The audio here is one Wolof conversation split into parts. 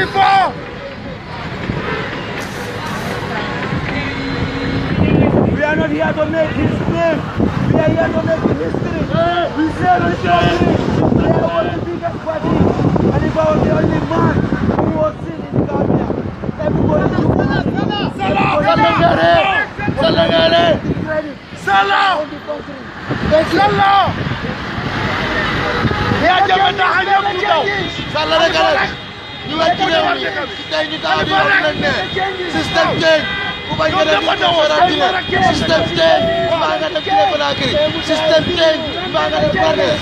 الخليفة We are not here to make history. We are here to make history. We say the history. We are one of the biggest parties. Khalifa was the only man who was seen in Gambia. Everybody was Salah! Salah! يا جماعة حاجة صلى الله عليه وسلم kita ini tadi online system change kubanyakan kita orang ini system change bangga dan kita pelakir system change bangga dan pelakir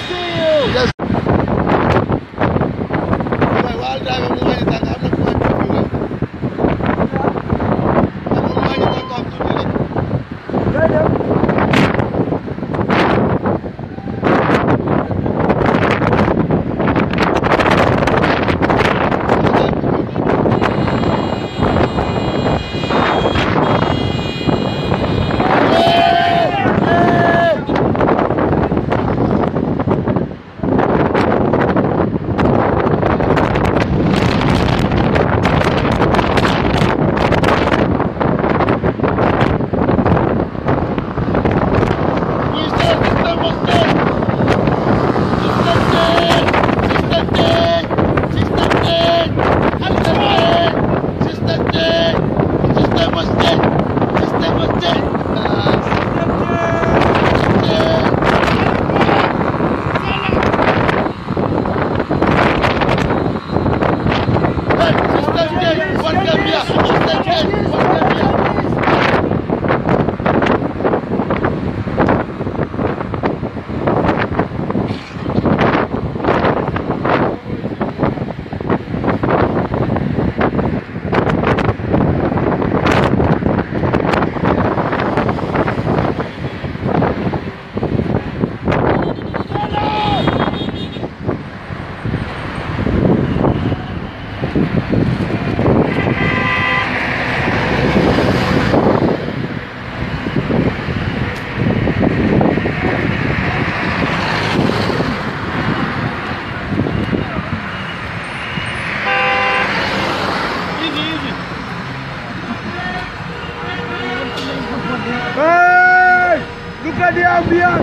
Campeão, viado!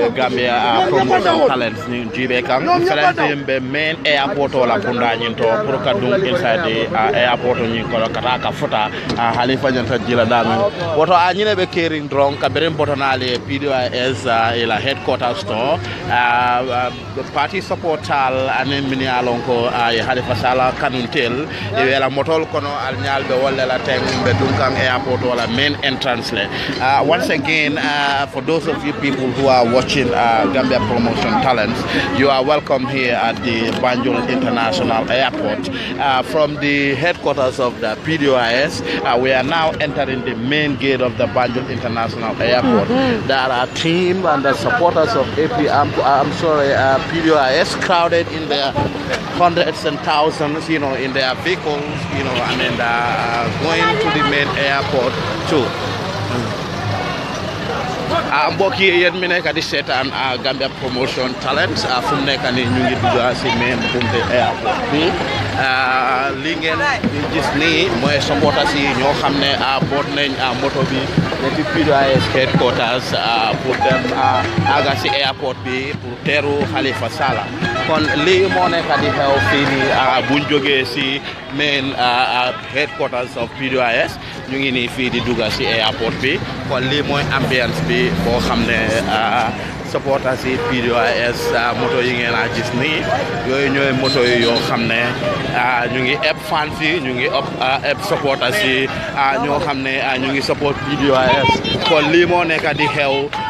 gambia uh, a promotion talents ni jibe kan frente be main airport wala bunda nyin to pour ka dum inside the uh, airport nyin ko kata ka futa a uh, halifa nyanta jila dami ah, woto a nyine be kering drong ka berem botonale PDIS ila headquarters store party supportal anen mini alon ko ay halifa sala kanuntel e wela motol kono al nyalbe wala la teng be dum kan airport wala main entrance le once again uh, for those of you people who are watching uh, Gambia Promotion Talents. You are welcome here at the Banjul International Airport. Uh, from the headquarters of the PDIS, uh, we are now entering the main gate of the Banjul International Airport. Mm-hmm. There are team and the supporters of AP, I'm, I'm sorry, uh, crowded in their hundreds and thousands, you know, in their vehicles, you know, and then uh, uh, going to the main airport too. I'm ah, mbokk yi yéen mi nekk di seetaan ah, Gambia promotion talents. i talent ah, fu mu nekk nii ñu ngi dugg si from the airport bi li ngeen gis nii mooy supporters yi ñoo xam ne boot nañ moto bi depuis The headquarters pour dem àgga si airport bi pour teeru Halifa Sallah kon lii moo nekk di xew fii nii buñ jógee si main headquarters of PDOIS ñu ngi nii fii di dugg ci airport bi kon lii mooy ambiance bi boo xam ne ah, ah, supporters ci PDOIS ah, moto yi ngeen a gis nii yooyu ñooy moto yi yoo xam ne ñu ngi ëpp fans yi ñu ngi ëpp ëpp supporters yi ñoo xam ne ñu ngi support PDOIS kon lii moo nekk di xew.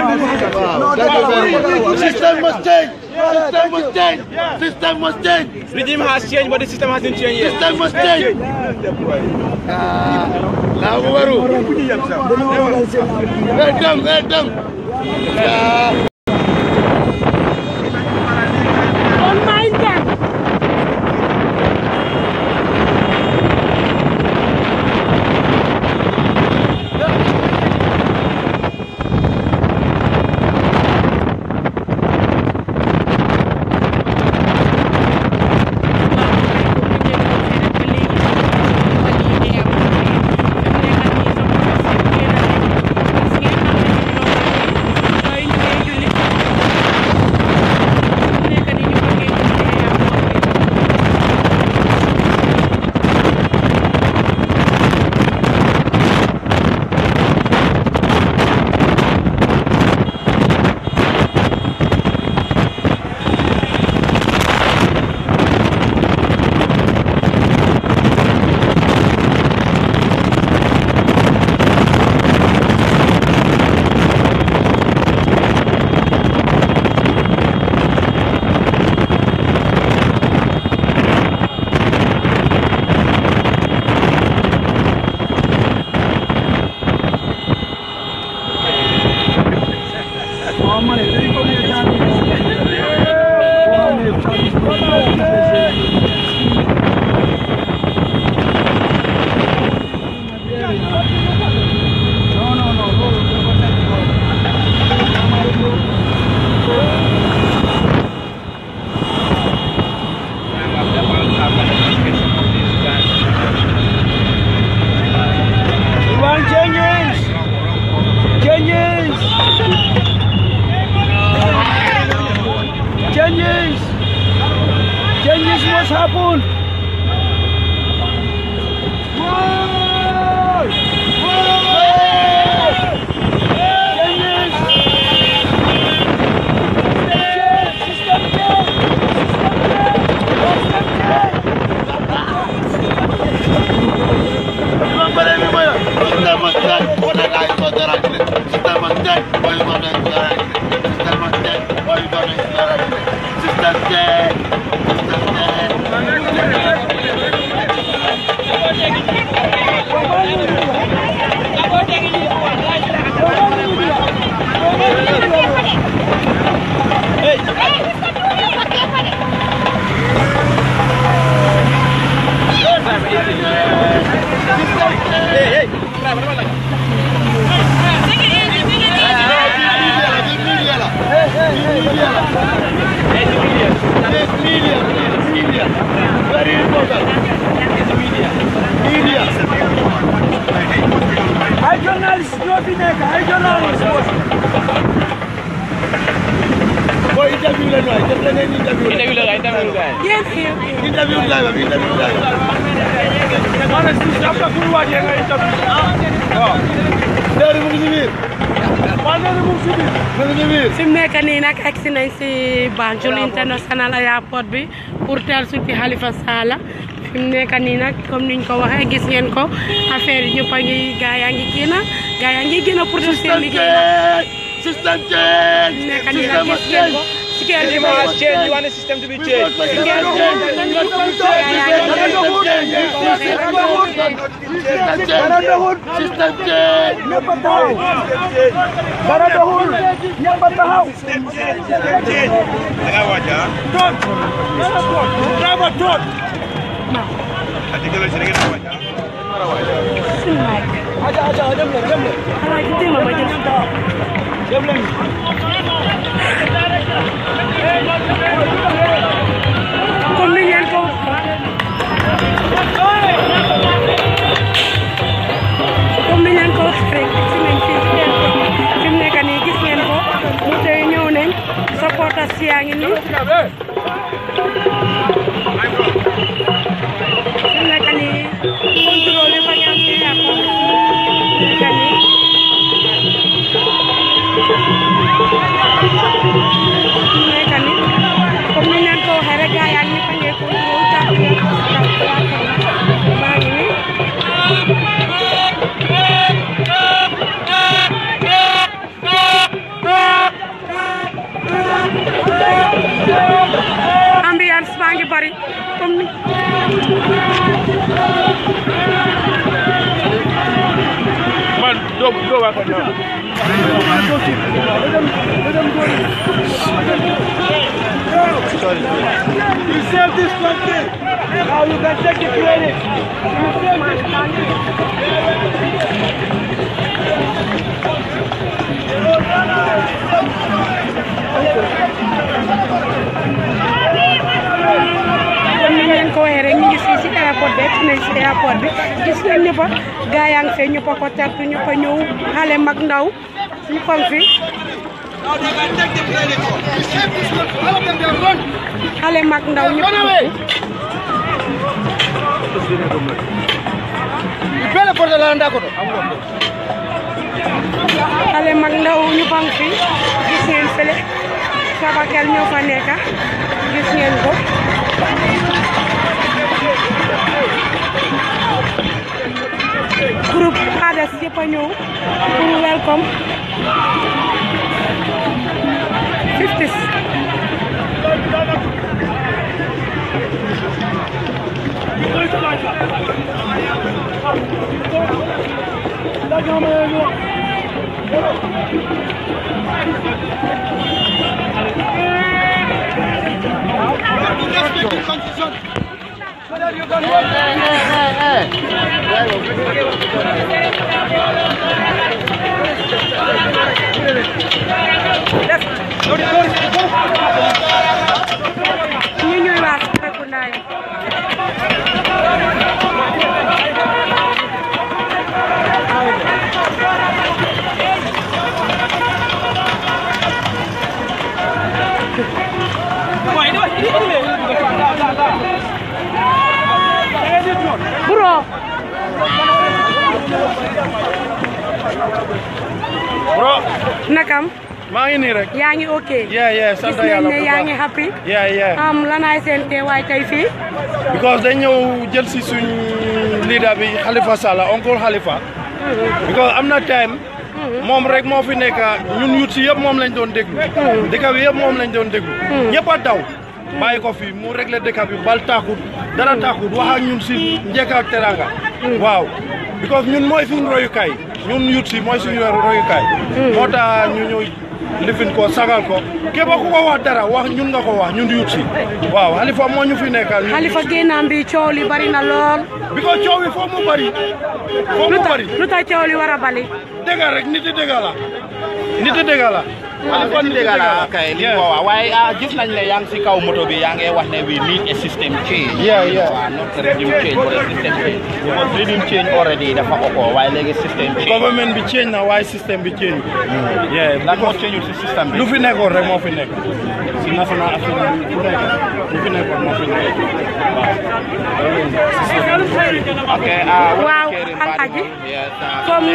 Wow. System must change. System must change. System must change. Regime has changed, but the system hasn't changed yet. System must change. Uh, now, Let them, let them. Yeah. bi comme niñ ko gis ngeen ko affaire ngi ngi ngi liggéey system change gis ngeen ko You want the system to be changed. Aja aja aja jemle jemle. Kalau itu mah macam tu. Jemle. Kau ni yang kau. tombé ñaan ko wax si nañ fi seen ko fi mu nekk nii gis ngeen ko go, back on You saved this country. Now you can take it credit. You saved this country. airport ba egsi nañ si airport bi gis ngeen ñëppa gaayang fee ñëppa ko tertu ñëppa ñëw xale mag ndaw ñëppam fi xale mag ndaw ñëpp Bele porte la nda ko to. Xale mag ndaw ñu fam fi gis ngeen fele sabakel ñoo fa nekk gis ngeen ko Group Hades yëpp a ñëw welcome fifties Let's go. Let's go, let's go. bro nakam maa ngi nii rek. yaa ngi ok. yeah yeah sant yàlla bu baax gis nañ ne yaa ngi happy. yeah yeah am lanaay seen teewaay tey fii. because dañ ñëw jël si suñ leader bi Halifa Sallah oncle Halifa. Mm-hmm. because am na time. Mm-hmm. moom rek moo fi nekk ñun yut si yëpp moom lañ doon déglu. Mm-hmm. dëkk bi yëpp moom lañ doon déglu. ñëpp a daw. bàyyi ko fi mu réglé dëkk bi bal taaxut. dara taaxut wax ñun si njëkk ak teranga. waaw because ñun mooy suñu royukaay. ñun yut si mooy suñu royukaay hmm. moo tax ñu lifin ko sagal ko képp ko wax dara wax ñun nga ko wax ñun yut si waaw Halifa moo ñu fi nekkal Halifa génnaam bi coow li bari na lool bi ko coow yi foo mu bari foo bari lu coow li war a bali dëgg rek nit dëgg la nit dëgg la kon dëgg la kay li ko wax waaye ah, gis nañ ne yaa si kaw moto bi yaa ngi wax ne we need a system change. yeah yeah not regime change but a change. because dafa oko waaye léegi system change. government bi change na waaye system bi change. Hmm. yeah lan moo change si system bi. lu fi nekkoon rek moo fi nekk. si national assurance bi bu nekk lu fi nekkoon moo fi nekk waaw. ok ah, waaw Alhaji ah, comme.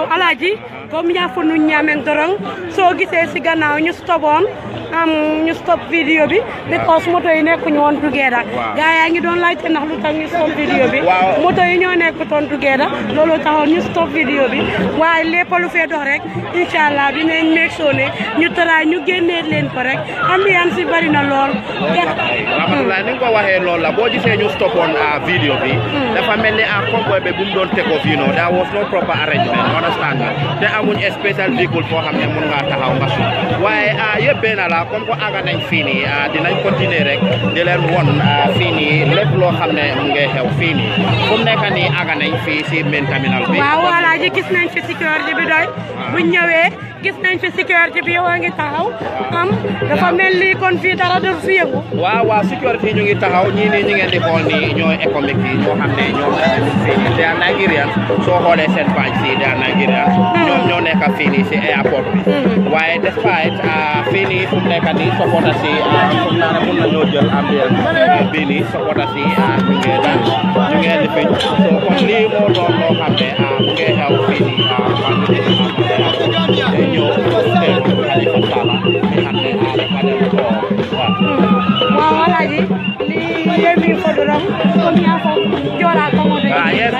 ji ba mu yàfu nu ñaamen dorong soo gisee si gannaaw ñu stopoon am ñu stop vidéo bi because moto yi nekkuñu woon together gaa yaa ngi doon laajte ndax lu tax ñu stop vidéo bi moto yi ñoo nekkutoon together loolu taxoon ñu stop vidéo bi waaye lépp lu fee rek incha allah dinañ nekk soo ne ñu taraay ñu génnee leen ko rek ambiance bi bari na lool Ramatulaay ko waxee loolu la boo gisee ñu stoppoon ah, hmm. a ah, mu doon tegoo fii daa was no proper arrangement understand te amuñ spécial véhicule foo xam ne mun ngaa taxaw nga su waaye ah, yëpp benn la comme ko àgg nañ fii nii ah, dinañ continuer rek di leen won ah, fii nii lépp loo xam ne mu ngi xew fii nii fu mu nekk nii àgg nañ fii si main terminal bi. waaw Alaaji gis nañ fi sécurité bi doy. bu ñëwee gis nañ fi sécurité bi yow a ngi taxaw. am dafa mel ni kon fii dara du fi yëngu. waaw waaw sécurité ñu ngi taxaw ñii nii ñu ngeen di xool nii ñooy économique yi ñoo xam ne ñoo ngi fii nii des Nigérians soo xoolee seen page si des Nigérians. ñoom ñoo nekk fii si airport bi waaye despite fii fu mu nekk nii soppota si foog naa e ne mun nañoo jël ambiance bii nii soppota si ñu ngee daal ñu ngee lifiñ so kon lii moo doon loo xam ne mu xew ñëw xam ne dafa dem waaw yemi fodoram komi afo jora ko mo ah yes ya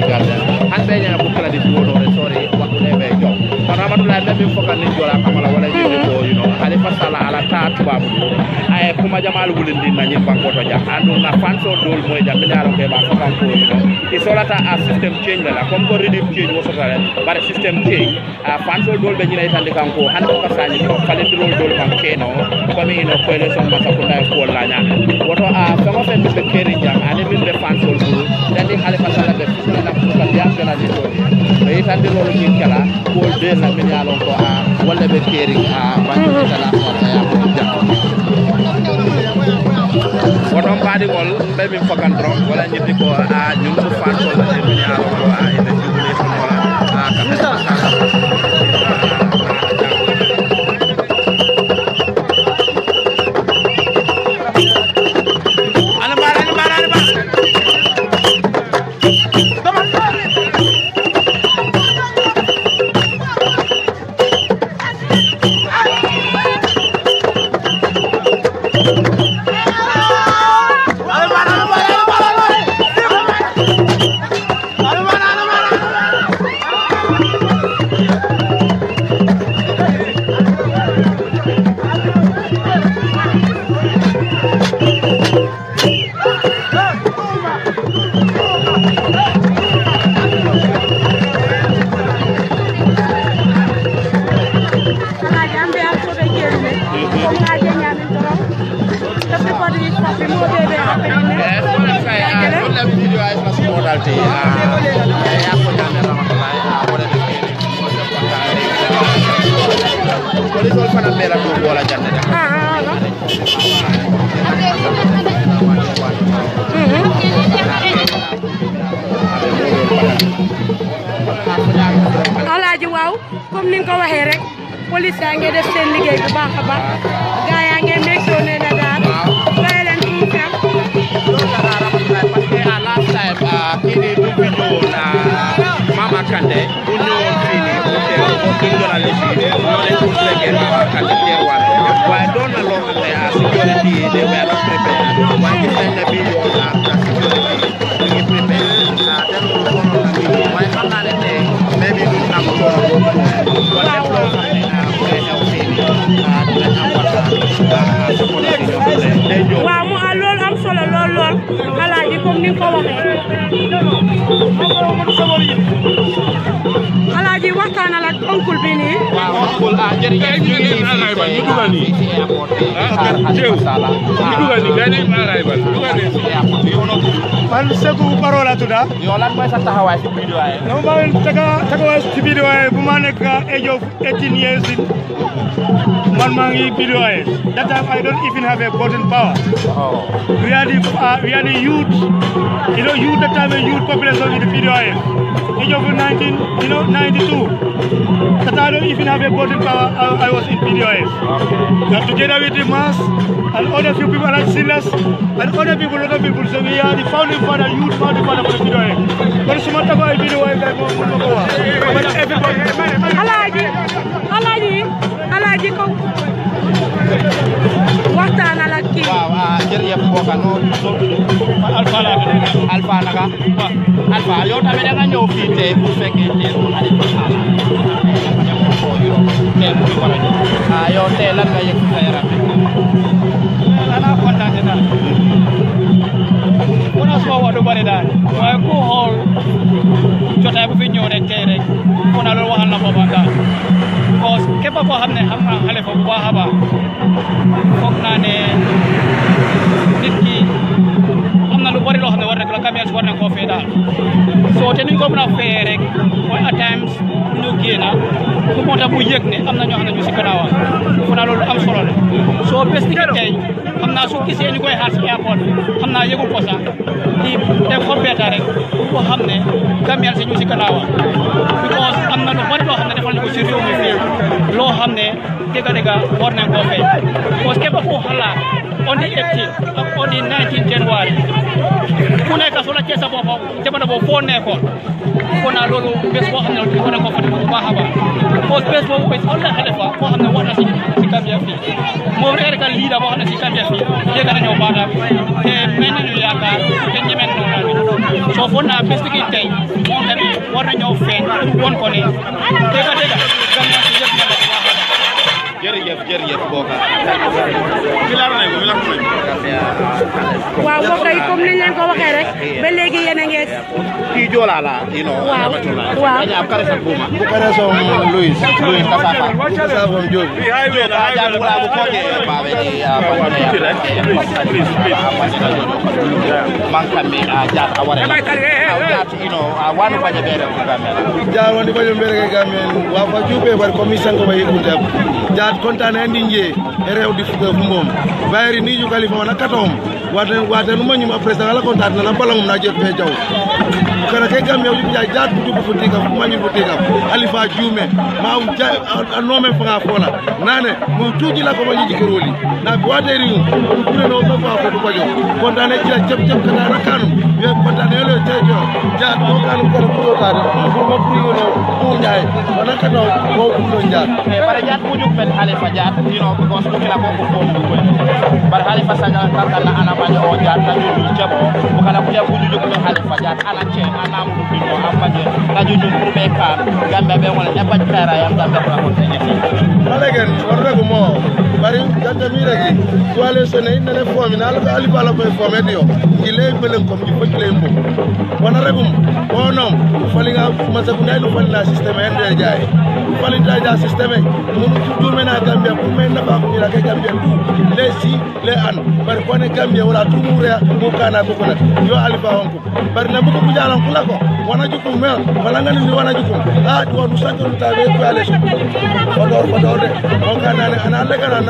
di garden an di you know kuma jamal wulindi na nyin na change change eh. change ah, lebe fering a ah, bantu tala kota ya ko jak wonon paadi gol fakan dron wala ko a taxawaay si I waaye. dama maa leen taxawaay si biir waaye bu ma nekk age of 18 years In maa ngi biir waaye that time I don't even have a voting power. Oh. We are the uh, we are the youth you know youth that time a youth population in the biir waaye age of 19 you know 92 that I don't even have a voting power I, I was in biir waaye. Okay. Now together with the mass and other few people like Silas and other people other people so we are the founding father youth founding father for the biir waaye. su ma tegoo ay vidéo yi kay moom mën na ko wax. alaaji alaaji alaaji ko waxtaanal ak kii. waaw waaw jërëjëf mbokk ak noonu. Alpha la ak Alpha naka. Alpha yow tamit da nga ñëw fii tey bu fekkee tey moom Aliou Moussa la. tey mu ngi war a ñëw. ah yow tey lan nga yëg sa yaram soo wax du bari daal waaye ku xool jotaay bu fi ñëw rek tey ku na loolu waxal na boppam daal parce que képp koo xam ne xam nga xale fa bu baax a baax Gambians war nañ koo fay daal soo te ni ñu ko mën a fayee rek mooy at times ñu génn ku moo tax mu yëg ne am na ñoo xam ne ñu si gannaawam fu na loolu am solo la soo bés ni tey xam naa su gisee ñu koy xaar si airport xam naa yëgul ko def ko rek ko xam ne Gambians si ñu si gannaawam because am na lu bari loo xam ne defal ñu si réew mi fii loo xam ne dëgg-dëgg war nañ koo fay parce que on the 18 ak on the 19 January ku nekk su la cee sa bopp jamono boobu foo nekkoon foo naa loolu bés boo xam ne dafa nekk ko bu baax a baax foo bés boobu bés on la xale fa foo xam ne war na si si Gambia fii moom rek rek lii da boo xam ne si Gambia fii léegi dañoo baataam te mel nañu yaakaar te ñeme nañu soo foog naa bés bi ki tey moom tamit war nañoo feeñ woon ko ne dégg nga dégg nga Gambia si yëpp jërëjëf Boka. waaw mbokk yi comme ni ñu leen ko waxee rek ba léegi yéen yes kii joolaa laa kii non waaw waaw ñaam kare sa buuma bu kare som ka safa sa bom joob jo ka jaa wala bu ko je ba be ni a jaa ka wara a jaa ti no a wanu ba je bere ko gamel jaa wani ba je bere ko gamel wa fa jube bar ko mi sango ba ndi nje rew di fugo mom bayri ni ju kalifa na katom waten watenuma ñum a président ala kontat nana balangum na jot fe jaw kana ke gam yaw jaa jaat butu bu futi kam mañu futi kam alifa jume ma u ja a nome fanga fola nane la ko mañu jikoroli na wateri um kure no ba fa ko a jo kontane jila jep jep kana kanum ye kontanelo tejo ja ko kan ko ko ta da ko ma ku yo ko nyaay ona ka no ko ku no nyaa bare jaat ku ñu pel halifa jaat you know because ko kila ko ko ko ko bare halifa sa jaat ka kala ana ma o jaat na ñu jabo ko kala ku ya ku ñu ko halifa jaat ala che ana mu bi no am ba je ka ñu ñu ku be ka gambe be wala e ba tara yam da ko ko te ne wala gen wala ko mo bari oh, gata eh. mira ki so ne ne fo mi ki wana no la système li ja système gambia ku men na ba ku la ka gambia tu le si le an par ko ne gambia wala tu mu re mu kana ko na yo ali ba ko par na bu ku jalan ku la ko wana wala ah de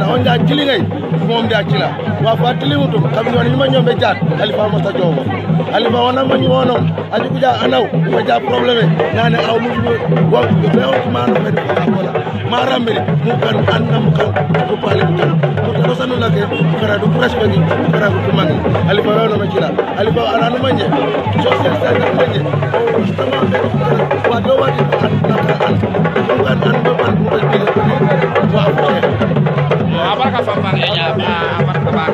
la on da jilingai mom da kila wa fa tilimutum kam don ni manyo be jat alifa mota jowo alifa wona manyo wono aji kuja anaw ko ja problème nane aw mu wo be on ma no be wala ma rambe mu kan an na mu kan ko pale mu kan ko to sanu la ke kara du press be ni kara ko mangi alifa wono ma kila alifa ana no manje so se sa na manje ko tama be wa do wa ni kan na kan an ko kan an do apa kabar bang Apa, apa Uh,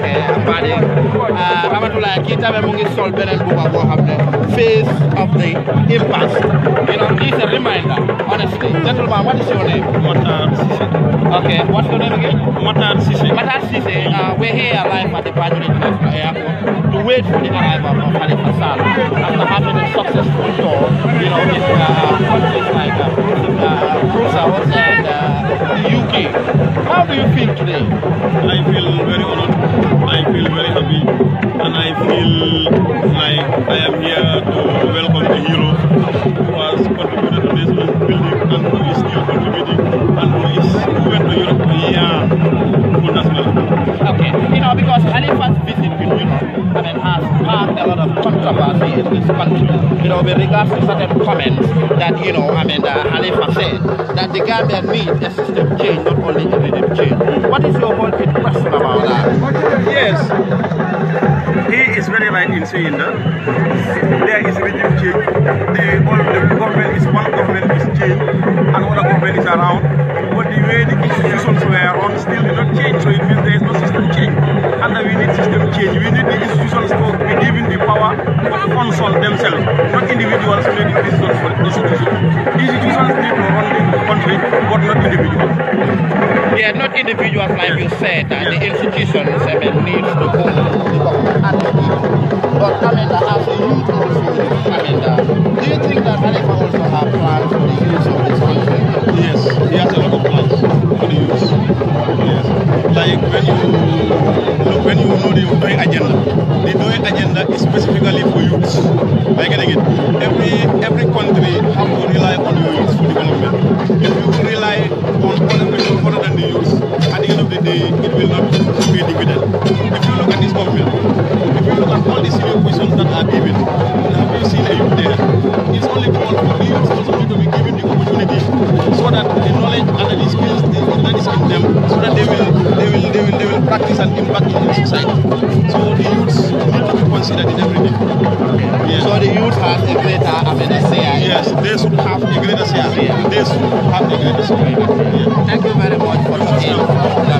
face of the impasse you know a reminder honestly gentleman what is your name okay what's your name again uh, we're here at the to wait for the arrival of after having a successful tour you know uh, in like the UK how do you feel today I feel very honored I feel very happy and I feel like I am here to welcome the hero who has contributed to this building and who is still contributing and who is who went to Because Khalifa's visit will I mean, has sparked a lot of controversy in this country. You know, with regards to certain comments that, you know, I mean, uh, Khalifa said, that the Gambian needs a system change, not only a regime change. What is your whole question about that? Yes. He is very right in saying that there is regime change. The, all the government is one government is changed, and another government is around. But the way the institutions were on still did not change, so it means there is no system change. and we need system change. We need the institutions to be given the power to counsel themselves, not individuals making decisions for institutions. Institutions need to run the country, but not individuals. Yeah, not individuals, like yes. you said, and yes. the institutions I mean, needs to go to the But I mean, as a youth also, I mean, do you think that Halifa also have plans for the use of this country? Yes, he has a lot of plans for the use. Yes. Like when you look, when you know the Doi agenda, the Doi agenda is specifically for youths. Are you getting it. Every every country have to rely on your youth for development. If you rely on other people other than the youth, the day, it will not pay dividend. If you look at this government, if you look at all the senior positions that are given, have you seen a youth there? It's only called for the youth also to be given the opportunity so that the knowledge and the skills that is in them, so that they will, they will, they will, they will practice and impact in the society. So the youth need to be considered in everything. Yes. So the youth has a greater, I mean, a share. Yes, they should have a greater share. They should have a greater share. Thank you very much for your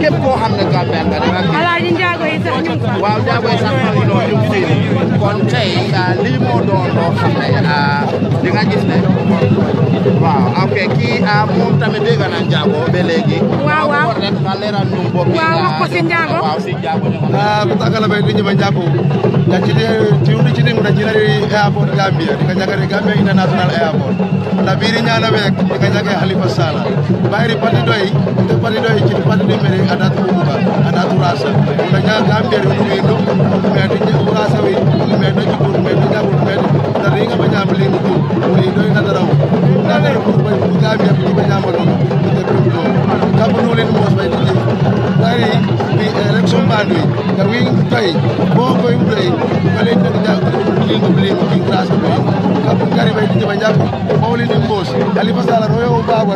képp koo xam ne Gambian nga waaw jaawee kon di nga gis ne waaw ok kii moom tamit dégg na njaago ba léegi waaw waaw rek nga leeral ñu bopp waaw ko si jago. waaw si njaago ko takala bay dinyi ba njaago ya ci de ci ci da ci airport gambia di ka jagare gambia international airport da biri wek di ka jagare halifa sala bayri pati doy pati doy ci pati ada tubuka ada turasa da nyaga jaaɓiteɗe ko ɗogoyi ɗo ɓeɗe ɓura sawi ɓeɗe jokkude ɓeɗe jaɓude ɓeɗe tata yi kaɓe ñaama leydi ɗo ɗoyi ɗo ina daraw nanere pour pour gaaɓe yaɓe ɗiɓe ñaama ɗon ɗe ɗum ɗo kamɓe nowleni mos ɓayde ɗi ɓari wi election euh, ɓaandu ka win toy bo koyim toy kalen tan jalingo bilimo kin classe euh, ko toyin kapo kare ɓay ɗi jaɓa jakko mawlidin mbos alifa sala royo bago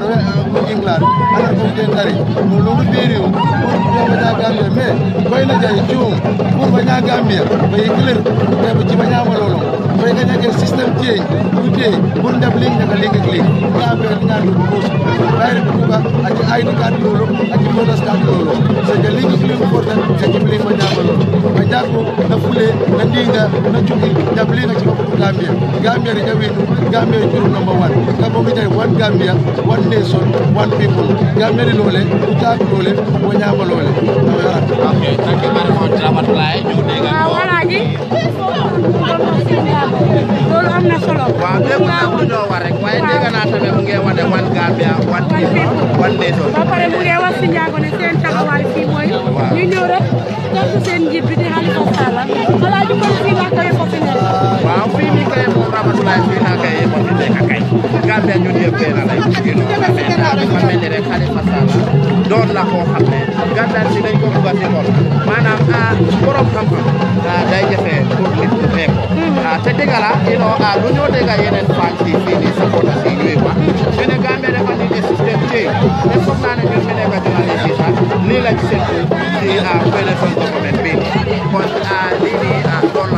ɗo england anan fom ten tare no lomu ɓeeriw pour jaɓa jagambia mais koyna jay cuum pour baña gambia ɓayi clear ɓe ɓe jibañamalolon après nga jël système téye bu téye pour def léegi naka léegi ak léegi nga am rek ñaar lu bus bayre bu ba ak ci ID card loolu ak ci bonus card Gambia Gambia di Gambia one ka one Gambia one nation one people Gambia di loole ku taak loole mo ñaama loole Okay, thank you very much, Ramatulai. You dig lagi. loolu am na solo. waaw lépp rek waaye dégg naa tamit mu ngi wane one Gambia one people mu ngi wax si ne seen taxawaay fii mooy. ñu ñëw rek seen njiit bi di Halifa Sallah balaa ñu ko fii wax kay foofu nekk. waaw fii nii kay moom Ramatulaye fii naa kay moom fi Gambia ñun ñëpp benn lañ you know dafa mel ni rek Halifa Sallah doon la koo xam ne Gambia si dañ ko bugg a si xol maanaam ah, borom ah, day jafe pour nit ku fee ko hmm. ah, te dëgg la you know lu ñoo dégg yeneen fan si fii nii sapota si ñuy wax hmm. ñu ne Gambia dafa ni ne système change te foog naa ne ñun mi nekk journaliste yi sax lii lañ seetlu si benn son document bi kon lii nii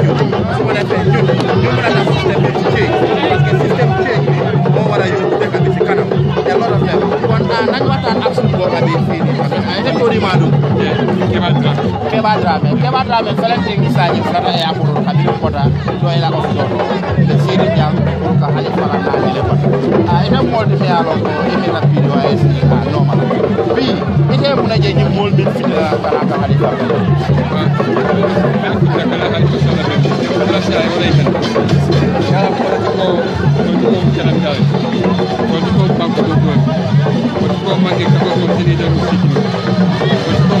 keɓa drame keɓa drame felente saji sata e amour kabilo kota joyla o joɗo nde seedi jam pour que haali fala namile kota a eɓen molde feyalo ko emi rappido as a nomala wi ite muna je ñim molmin fitnaa karaka haali Thank you.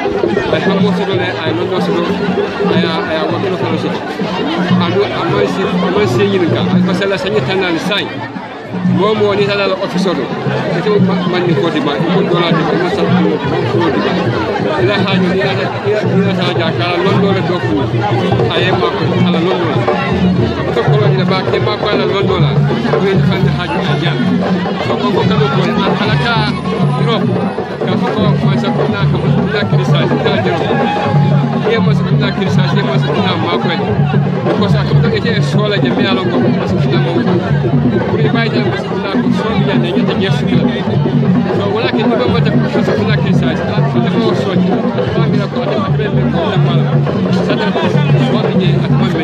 I have one shadow there, I know no shadow. I I work in a fellowship. I know I must see I must see you nka. I must say last year tan sign. Mo mo ni tada la officer do. Ite mo man ni kodi ba. Mo dola di mo sa ko di mo ko di ba. Ila ha ni ila ila ila sa ja ka lon do le doku. Aye ma ko ala lon do. Ko ko ni ba ke ma ko ala lon do la. Ko ni fan ha ji ja. Ko ko ko ko ala hakuwa sakuna kama sakuna kirisa sakuna jero ye ma sakuna kirisa ye ma sakuna makwe ko sa ko ke je sola je me alon ko ma sakuna mo ko ni baye ma sakuna ko so mi ya ne ni te yesu la so wala ke ni ba ta ko sakuna kirisa ta ko te mo so ni ta mi la ko ta ma be me ko la mala sa ta ko so ni je at ma be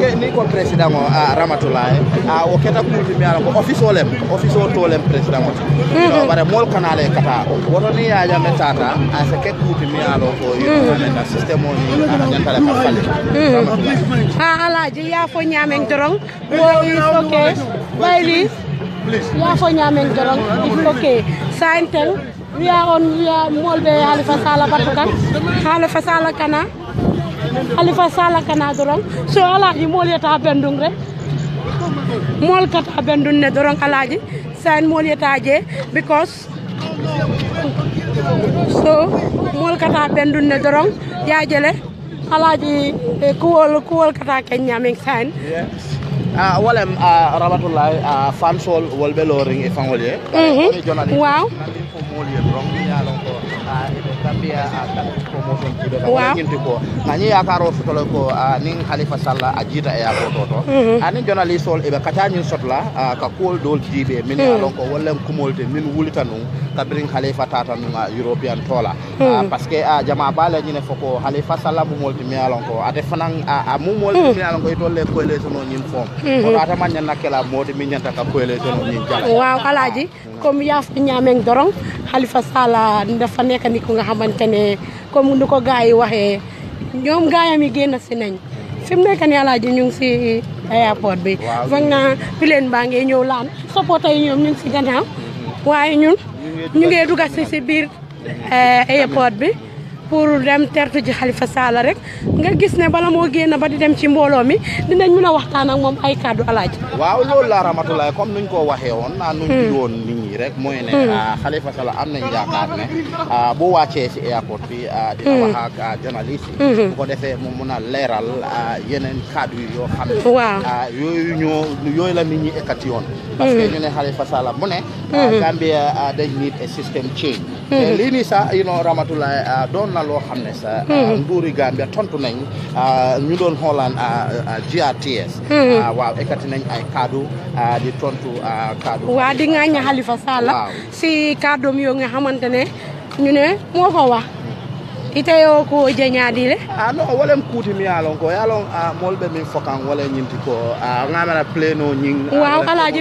que ni ko président o a ah, ramatulaye a ah, o keta kultimiyala ko office olem office o tolem président oti o mhm. ɓare mool kanala kata woto ni yajame ya tata a ah, se ke kultimiyalo ko yoamena mhm. systéme o ni aɗa ñantale kam falle ha mhm. alaji ya fo ñamen dorong wo il faut que ya fo ñamen dorong il We are on we are wiya molɓe halifa sala battu kan halifa sala kana Alifa sala kana dorong so alaji mol yeta bendung re mol kata bendun ne dorong alaji sen mol yeta je because so mol kata bendun ne dorong ya jele alaji kuol kuol kata kenya nyame sen Uh, walem a rabatullah uh, fansol wolbe loring e fangolye mm -hmm. wow gambia ah, kan promotion kuuɗe kam wala ñinti ko kañi yakaro sotolo ko ah, nin halifa salla a jiita e yako to to mhm. anin journaliste ol eɓe katañin sotla ah, ka kuwol dol jiiɓe min mhm. alon ko wollen kumolte min wulita num kabirin halifa tata num european tola par ce que jama baale ñine fo ko halifa salla mumolti mi alon ko ate fanan a mumolti mhm. mi alon ko e tolle coalition o ñin foom kono atama ñanna kela moti min ñanta ka coalition o ñin jala waw alaji comme yaaf ñameng dorong Halifa Sallah dafa nekk ni ku nga xamante ne comme ni ko gars yi waxee ñoom gaayam yi génn si nañ fi mu nekk nii alaaji ñu ngi si airport bi. waaw foog naa plane baa ngi ñëw laan supporté yi ñoom ñu ngi si gannaaw waaye ñun ñu ngi dugg si si biir eh, airport bi. pour dem tertu ji Xalifa Sall rek nga gis ne bala moo génn ba di dem ci mbooloo mi dinañ mën a waxtaan ak moom ay kàddu alaaj waaw loolu la ramatulaay comme nuñ ko waxee woon naa ah, nuñ hmm. di woon nit ñi rek mooy ne Xalifa hmm. ah, Sall am nañ yaakaar ne ah, bu wàccee si airport bi dina hmm. wax a journaliste yi bu ko defee mu mun a leeral yeneen kàddu yi yoo xam ne waaw yooyu ñoo yooyu la nit ñi ekkati yoon parce que ñu ne Xalifa Sall mu ne Gambia dañ need a system change eh, lii nii na loo xam ne sa hmm. euh, nguuri Gambia tontu nañ euh, ñu doon xoolaan euh, hmm. a ah, waaw ekkati nañ ay kaddu di tontu kaddu waaw di nga ña Halifa Sallah si kaddoom yoo nga xamante ne ñu ne moo ko wax itayo ko a ah, no wolem kuutimi yaalon ko yaalon a ah, molɓe min fokan wala ñinti ko a ngamana pleno ñing waaw alaaji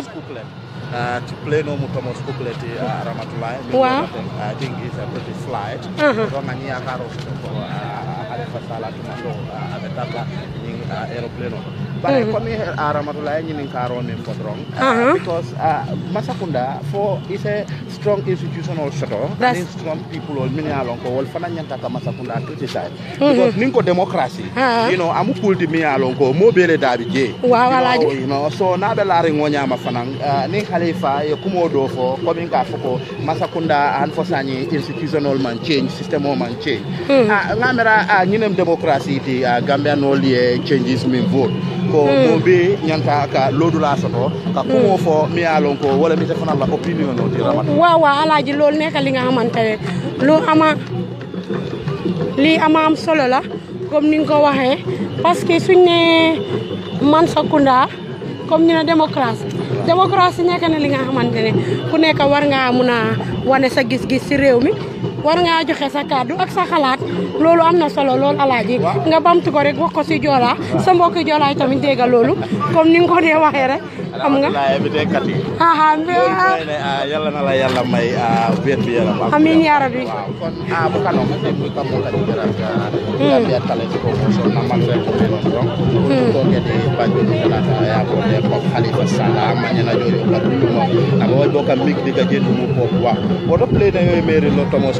Uh, uh, uh, i think it's a pretty flight so na ni yakaro ko ala aeroplane bare mm -hmm. komi aramatulay ñinin karo min podrong uh, uh -huh. because uh, masakunda fo is a strong institutional soto anin strong people ol min yalon ko wol fana ñanta ka masakunda criticize mm -hmm. because nin ko démocratie uh -huh. you know amu kulti mi yalon ko mobele dabi je wow, you, know, so na be laari ngoñama fanan uh, nin khalifa e kumo do fo komin ka fo ko masakunda an fo sañi institutional man change system o man change mm -hmm. uh, uh, ñinem démocratie ti uh, gambian ol ye changes min vote ko hmm. mo be ñanta ka lodula soto ka hmm. kumo fo miyalon ko wala mi tefanalla opinion o ti ramata wawa alaji loolu nekka li nga xamante ne lu ama li ama am solo la comme ni nga ko waxee parce que suñ ne man Sakunda comme ñu ne démocratie démocratie nekk na li nga xamante ne ku nekk war ngaa mun a wane sa gis-gis si réew mi war nga joxe sa cadeau ak sa xalaat lolu amna solo loolu alaaji nga bamtu ko rek wax ko ci jola sa mbokki joolaay tamit dégg lolu comme ni nga ko de waxe rek am nga ha yalla ah, ah, na la yalla may ah, wér bi yaram amin ya rabbi ah bu kanam bu kanam la di jaral ya ya tale ci ko so na man rek ko non hmm. ko ke ba baju ni la ta ya ko de ko khalifa sala ni na jori ko ko mo bo boka mik di ga jenu mo ko wa ko do play na yoy meri no tomos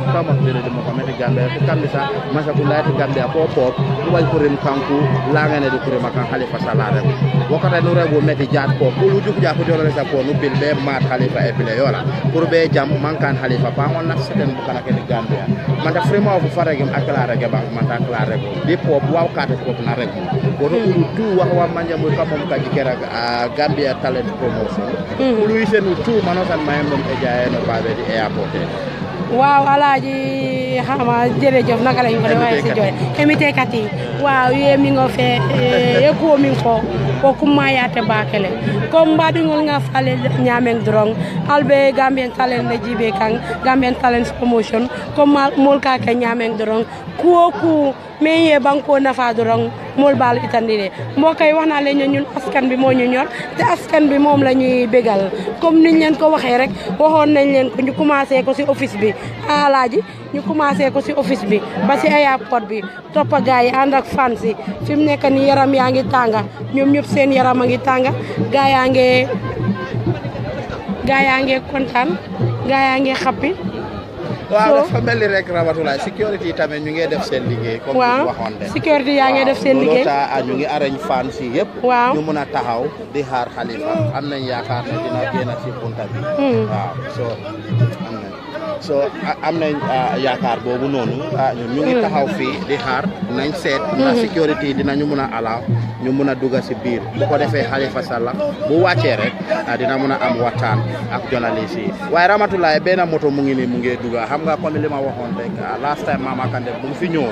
ken kamantere de mokamene gambia ko kamɓe sa masa ko laati gambia ko pop ɗuway kurem kanku laŋanede kurema kan halifa salarem wokkata no rego meti jaat ko ɓolu jukja ko jolore sa ko no bil ɓe maat halifa e bile yola pour ɓe jam mankan halifa paŋol nafseten bukana kene gambia manta vraiment fo faregem aclarege ɓa manta clarego ɗi pop waw kate pop na rego kono ɓolu tu wahwa manjamoy kamom kaji kera gambia talent promotion ɓolu hmm. isen tu manotan mayem ɗum e jayeno baɓedi e apporté waaw alaaji xama jërëjëf naka lañ ko de waaye si jooy émité kat waaw ye mi ngo fe eh, ye ko ko kuma yaate bakele comme mbaɗugol nga fale ñamen drong albe gambien talent le jibe kang talent promotion comme mol kake ñamen drong kuwo ku mais ye banko nafa drong bal itandi ne mo kay wax na le ñun askan bi mo ñu ñor te askan bi mom lañuy bégal comme niñ leen ko waxé rek waxon nañ leen ñu commencé ko si office bi alaaji ñu commencé ko si office bi ba si port bi topa gaay and ak fan si fi nekk ni yaram yaangi tanga ñom ñep seen yaram ngi tanga xappi waaw dafa mel ni rek Ramatulaay sécurité yi tamit ñu ngi def seen liggéey. comme ni waxoon de sécurité yaa ngi def seen liggéey waaw ñu ngi arañ fan si yëpp. waaw ñu mun a taxaw di xaar xalifa am nañ yaakaar ne dina génn si bunta bi. Hmm. waaw so am nañ yaakaar boobu noonu ñun ñu ngi taxaw fi di xaar nañ seet na mhm. security dinañu mëna ala ñu mëna a ci biir bu ko defee khalifa sallam bu wàccee rek dina mëna am waxtaan ak journaliste yi waaye Ramatulaay benn moto mu ngi ni mu ngi dugg xam nga comme lima waxon rek last time Mama kande bu fi ñëw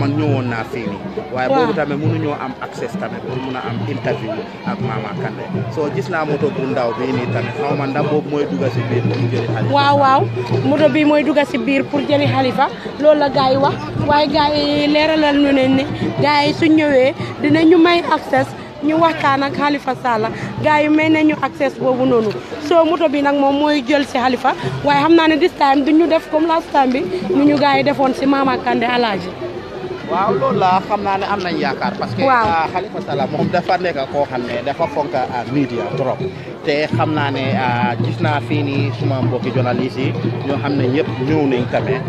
man na fi ni nii bobu tamé mënu mënuñoo am access tamé pour mëna am interview ak Mama kande so gis na moto bu ndaw bi ni tamé xawma ma bobu moy mooy ci biir mu jëli waaw waaw oto bi mooy dugga si biir pour jëli Halifa loolu la gars yi wax waaye gars yi leeralal ñu ne ni gars yi su ñëwee dinañu may accès ñu waxtaan ak Halifa Sallah gars yi may nañu accès boobu noonu soo moto bi nag moom mooy jël si Halifa waaye xam naa ne this time du ñu def comme last time bi mu ñu gaa yi defoon si Mama Kandeh Alaaji waaw loolu la xam naa ne am nañ yaakaar parce que ah, Halifa sala moom dafa nekk koo xam ne dafa fonka ah, media trop te xam naa ne ah, gis naa fii nii suma mbokki journaliste yi ñoo xam ne ñëpp ñëw nañ tamit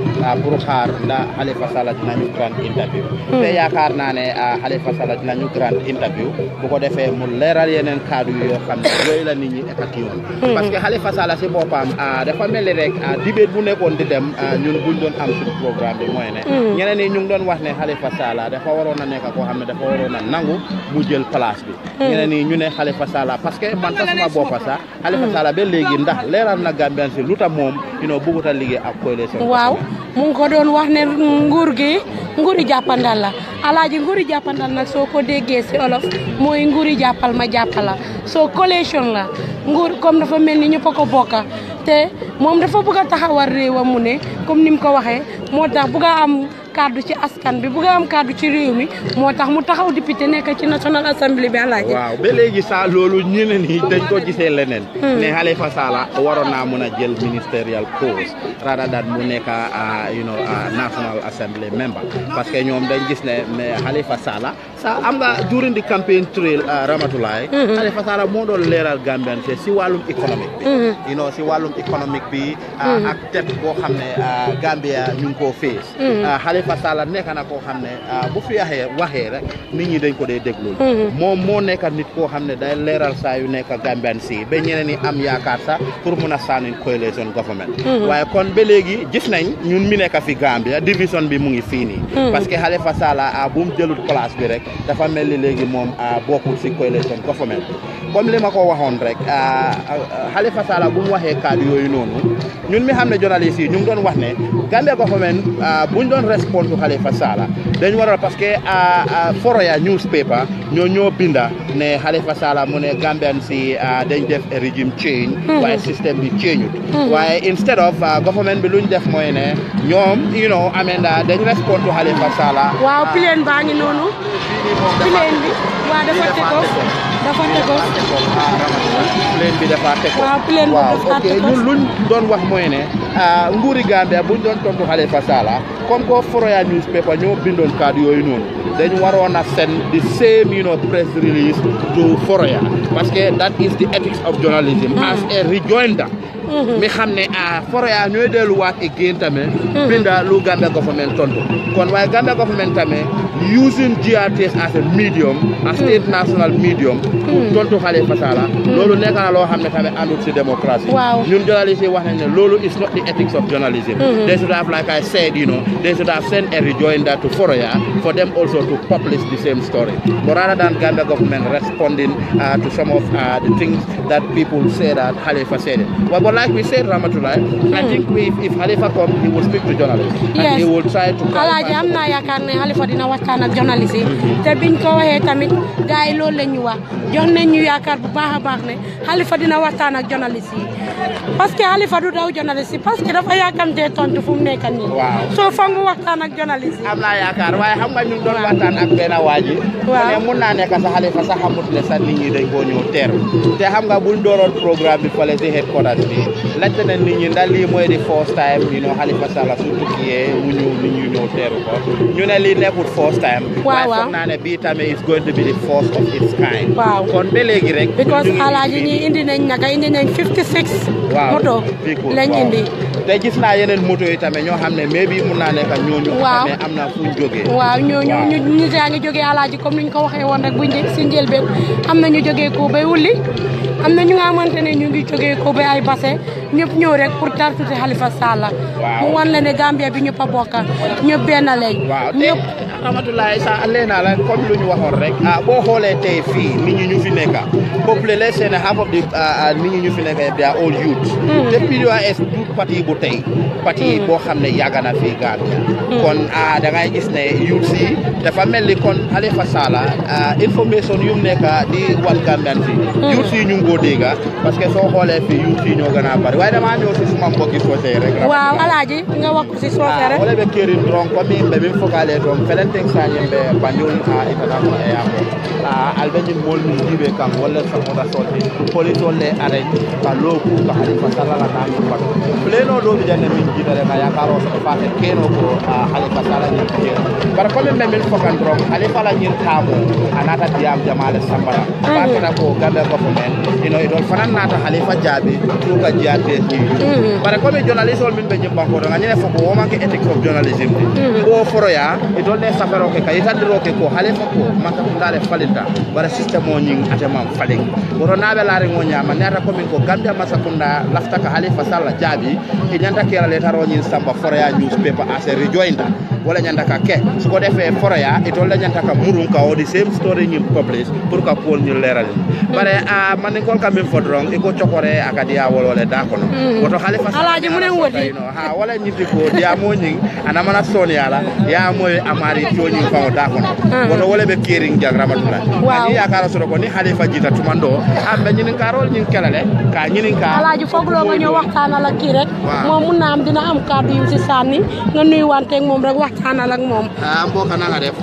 pour xaar ndax Halifa Sallah dinañu grand interview hmm. te yaakaar naa ne Halifa Sallah dinañu grand interview bu ko defee mu leeral yeneen cadre yoo xam ne yooyu la nit ñi ekati yoon hmm. parce que Halifa sala si boppam dafa mel ni rek dibéet bu nekkoon di dem ñun buñ doon am suñu programme bi mooy ne hmm. ñeneen ñi ñu ngi doon wax ne Halifa Sallah dafa waroon a nekk koo xam ne dafa waroon a nangu mu jël place bi. ñeneen hmm. ñi ñu ne Halifa Sallah parce que man sax sama hmm. léegi ndax leeral na Gambian si lu tax moom you know a liggéey ak coalition. waaw mu ngi ko doon wax ne nguur gi nguuri jàppandal la alaaji nguuri jàppandal nag soo ko déggee si olof mooy nguuri jàppal ma jàppala soo coalition la nguur comme dafa mel ni ñëpp a ko bokka te moom dafa bëgg a taxawal réewam mu ne comme ni mu ko waxee moo tax bëgg a kaddu ci askan bi bu nga am ci réew mi moo tax mu taxaw député nekk ci national assembly bi alaaji waaw ba léegi saa loolu ñu ne nii dañ ko gisee leneen hmm. ne Halifa Sallah waroon naa mun a jël ministériel poste rather than mu nekk you a national assembly member parce que ñoom dañ gis ne Halifa Sallah sa amba during the campaign trail uh, ramatulay mm -hmm. ale fasara mo do leral gambian fe si walum economic bi mm -hmm. you know si walum economic bi uh, mm -hmm. ak tet bo xamne uh, gambia ñu ko face mm -hmm. uh, khalifa sala nek na ko xamne uh, bu fi waxe waxe rek nit ñi dañ ko mm-hmm. day deglu mom mm -hmm. mo nekkat nit ko xamne day leral sa yu nek gambian si be ñeneen am yaakar sa pour mëna sanin coalition government mm -hmm. waye kon be legi gis nañ ñun mi nek fi gambia division bi mu ngi fini mm -hmm. parce que khalifa sala a uh, bu mu jëlut place bi rek dafa mel ni léegi moom ah, bokkul si coalition government comme li ma ko waxoon rek ah, ah, Halifa Sallah bu mu waxee kàddu yooyu noonu ñun mi xam ne journalistes yi ñu ngi doon wax ne Gambia government bu ñu doon respond to Halifa Sallah dañ waral parce que Foroyaa newspaper ñoo ñoo binda ne Halifa Sallah mu ne Gambian si dañ def régime change hmm. waaye système bi change ut hmm. waaye instead of government bi lu ñu def mooy ne ñoom you know amenda dañ respond to Halifa Sallah waaw plan baa ngi noonu fileen bi waaw dafa tegoo dafa tegoo ah, luñ doon wax mooy ne ah, nguuri Gambia buñ doon tontu Halifa Sallah comme Foroyaa newspaper ñoo bindoon kàddu yooyu noonu dañu waroon a send the same you know press release to Foroyaa parce que that is the ethics of journalism hmm. as a rejoinder mi hmm. xam ne ah, a Foroyaa ñooy delluwaat again tamit hmm. binda lu Gambia government tontu kon waaye Gambia government tamit using GRTS as a medium a state national medium pour tontu Halifa Sallah loolu nekk na loo xam ne tamit àndut si démocratie ñun journalistes yi wax nañ ne loolu is not the ethics of journalism they should have like I said you know they should have sent a rejoinder to Foroyaa for them also to publish the same story. But rather than Gambia government responding uh, to some of uh, the things that people say that Halifa said. Well, but like we said, Ramatulai, mm. I hmm. think we, if Halifa comes, he will speak to journalists. Yes. And he will try to... Alhaji, am naa yaakaar ne Halifa dina waxtaan ak journalist yi. te biñ ko waxee tamit gars yi loolu la ñu wax jox nañ ñu yaakaar bu baax a baax ne Halifa dina waxtaan ak journalist yi. parce que Halifa du daw journalist yi parce que dafa yaakamtee tontu fu mu nekk nii. waaw soo fa mu waxtaan ak journalist yi. am naa yaakaar waaye xam nga ñu doon wax waxtaan ak benn waa ji. waaw ne mun naa nekk sa xalifa sax xamut ne sax nit ñi dañ koo ñëw teer te xam nga buñ dooroon programme bi fële si headquarters bi laajte na nit ñi ndax lii mooy di first time you know xalifa Sallah su tukkiyee mu ñëw nit ñi ñëw teeru ko ñu ne lii nekkul first time. waaw waaye foog naa ne bii tamit it's going to be the first of its kind. waaw kon ba léegi rek. because alaaji ñi indi nañ naka indi nañ 56. waaw moto lañ indi. te gis naa yeneen moto yi tamit ñoo xam ne mais bii mun naa nekk ñooñu. waaw xam ne am na fu ñu jógee. waaw ñooñu nit yaa ngi jógee alaaji comme ni ñu ko waxee woon rek bu njëkk si njëlbeen am na ñu jógee ko bay wulli am na ñu nga xamante ne ñu ngi jógee ko bay ay base ñëpp ñëw rek pour tartuti Halifa Sallah mu wan la ne Gambia bi ñëpp a bokka ñëpp benn lañ ñëpp Ramatoulaye sa lee naa la lu ñu waxoon rek ah, boo xoolee tey fii nit ñu fi nekk populé les seen half of the ah, ah, nit ñi ñu fi nekk they are all youth te hmm. PDOIS du parti bu tey parti hmm. boo xam ne yàgg na fii Gambia hmm. kon da ngay gis ne youth yi dafa mel ni kon Halifa Sallah information yu mu di wan Gambian fi youth yi ñu ngi ko dégg parce que soo xoolee fii youth yi ñoo gën a bari waaye dama ñëw si suma mbokki soosey rek waaw rek ole ɓe teng sañen ɓe bandiwol ha itatako e yako albañin molmin jiɓe kam walla sagoda sote politolle aray ka looku ka haɗi fa sallala namin bat pleno ɗoɓe janne min jiɗare ka yakaro soto fate keno ko halifa salañin jeeno bara komin ɓe min fokan dron halifalañin tamo a nata diyam jamale sambara fatata ko galle gofo men ino iɗon fanan nata halifa jaabi tuka jiyate jiwi bara komin journaliste ol min ɓe jimbankoto gañene foko womanke éthique of journalisme ɗi o foroya iɗon ne saferoke ka yitandiroke ko haalema ko manta ko ndaale falinta wara systéme o ñing atema falin woto naaɓe laariŋo ñaama neata commune ko gambia masakunda lafta ka halifa sala jabi e ñanta taro taroñin samba foroya newspaper se rejointa wala ñanda ka ke su ko defee foroya ito la ñanda ka murun ka o di same story ñu publish pour ka pool ñu leeralin bare a ah, man ni kol kamin fodrong iko cokore aka dia wolole da kono mm. woto khalifa alaji mu ne wodi ha ah, wala di ko ya mo ñi ana mana son yala ya mo amari toñi fa da kono mm. woto wala be kering jang ramatula ni yakara soro ko ni khalifa jita tumando ambe ka rol ñi kelale ka ni ka alaji foglo nga ñu waxtana la ki rek mo mu na am dina am kaddu yu ci sanni nga nuyu wante ak mom rek waxtaanal ak moom ah mbokk na nga def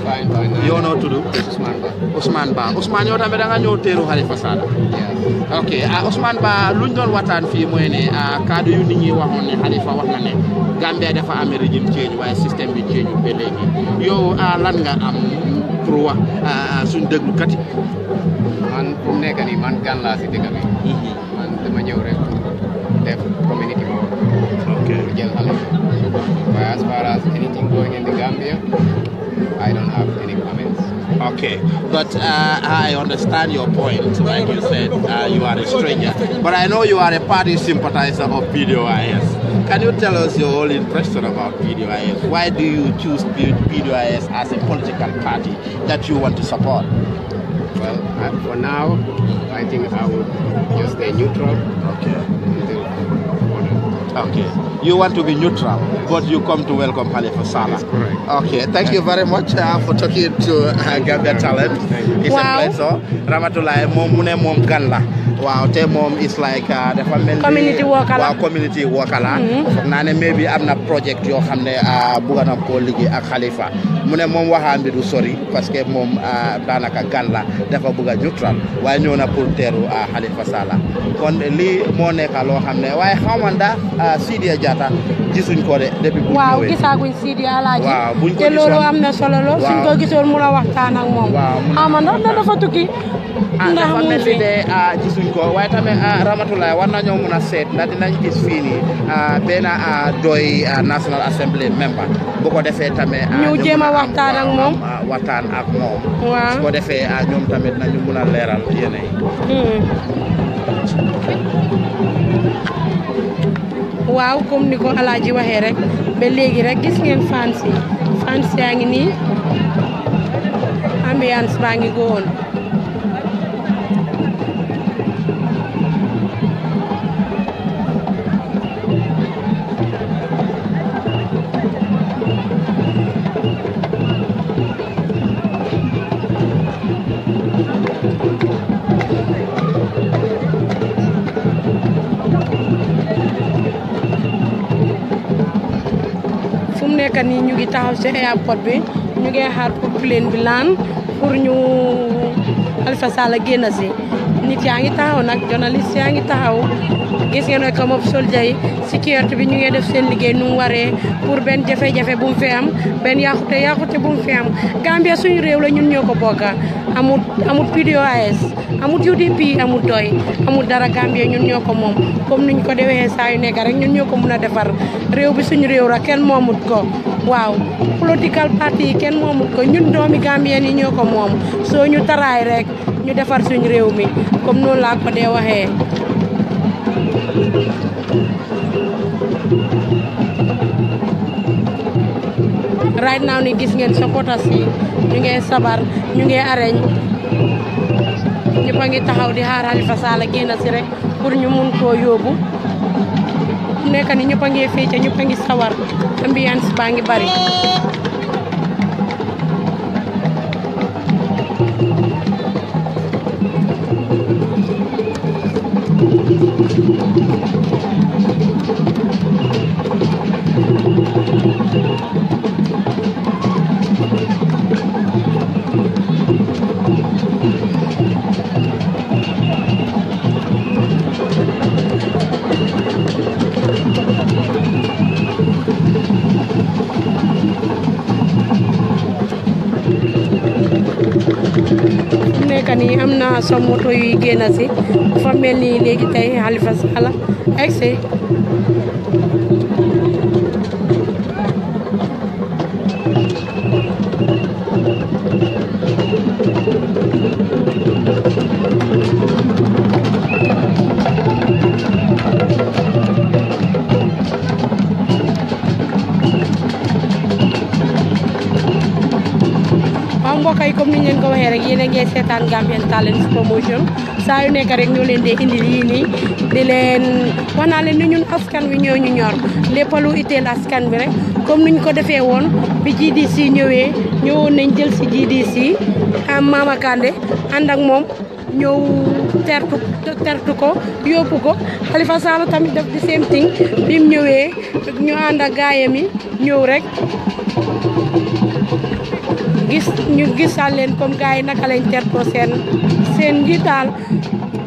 yow noo tudd Ousmane Ba Ousmane Ba Ousmane da nga ñëw teeru Halifa Sallah iya. ok ah Ousmane Ba luñ doon waxtaan fii mooy ah, ne kaddu yu nit ñi waxoon ne Halifa wax na Gambia dafa ah, am régime change way système bi change ba yo yow lan nga am pour wax suñ kat man fu nekk nii man gan si dëkk bi man dama ñëw rek def community ok jël Halifa as far as anything going I don't have any comments. Okay, but uh, I understand your point. Like you said, uh, you are a stranger, but I know you are a party sympathizer of PDOIS. Can you tell us your whole impression about PDOIS? Why do you choose PDOIS as a political party that you want to support? Well, for now, I think I would just stay neutral. Okay. Okay. You want to be neutral, but you come to welcome Halifa Salah. Okay. Thank you very much uh, for talking to uh, Gambia Talent. It's wow. a pleasure. mom, mom, waaw te moom is like uh, dafa mel ni community waaw community worker la mm-hmm. foog naa am na project yoo xam ne uh, bugga na koo liggéey ak Halifa mu ne moom waxaa mbiru sori parce que moom uh, daanaka gan la dafa bugg a waaye ñëw na pour teeru Halifa Sallah kon lii moo nekk loo xam ne waaye xaw ma ndax Sidia Jatta ko de depuis bu waaw gisaaguñ Sidia Alaaji waaw te loolu am na solo lool suñ ko mun a waxtaan moom xaw ma ndax dafa tukki a ah, dafa mel ni de ah, gisuñ ko waaye tamit ah, Ramatulaay war nañoo mun seet ndax dinañ gis fii nii benn doy National Assembly member bu ko defee tamit. ñu jéem a waxtaan ak moom waxtaan ak ko defee ñoom tamit nañu mun a leeral yéen yi. Hmm. waaw ni ko alaaji waxee rek ba léegi rek gis ngeen fans yi fans yaa ngi nii ambiance baa ngi góowoon ngi taxaw ci airport bi ñu ngi xaar pour plane bi laan pour ñu Halifa Sallah génn si nit yaa ngi taxaw nag journaliste yaa ngi taxaw gis ngeen ne comme soldier yi sécurité bi ñu ngi def seen liggéey nu mu waree pour benn jafe bu mu am benn yàqute yàqute bu mu fi am Gambia suñu réew la ñun ñoo ko bokka amut amut PDOIS amut UDP amut doy amut dara Gambia ñun ñoo ko moom comme niñ ko dewee saa yu nekk rek ñun ñoo ko mun a defar réew bi suñu réew la kenn moomut ko Wow, political party kenn moomul ko ñun doomi gambien yi ñoo ko moom soo ñu taraay rek ñu defar suñ réew mi comme noonu laa ko dee waxee right now ni gis ngeen supporters yi ñu ngi sabar ñu ngi areñ ñu a ngi taxaw di xaar Halifa génn si rek pour ñu mun koo yóbbu nekk ni ñëpp a ngi féete ñëpp ngi sawar ambiance baa ngi bari population moto yuy génn si dafa mel ni léegi tey Halifa Sallah egsi ni ñu leen ko waxee rek yéen Gambian Promotion sa yu nekk rek ñu leen di indi lii nii di leen wax ni ñun askan wi ñoo ñu ñor lépp lu itteel askan bi rek comme ni ñu ko defee woon bi GDC nañ jël si GDC am Mama Kandeh ànd ak moom ñëw tertu tertu ko yóbbu ko Halifa Sallah tamit def the same thing bi mu ñëwee ñu ànd ak rek gis ñu gisal leen comme gars yi naka lañ tertoo seen seen njiitaal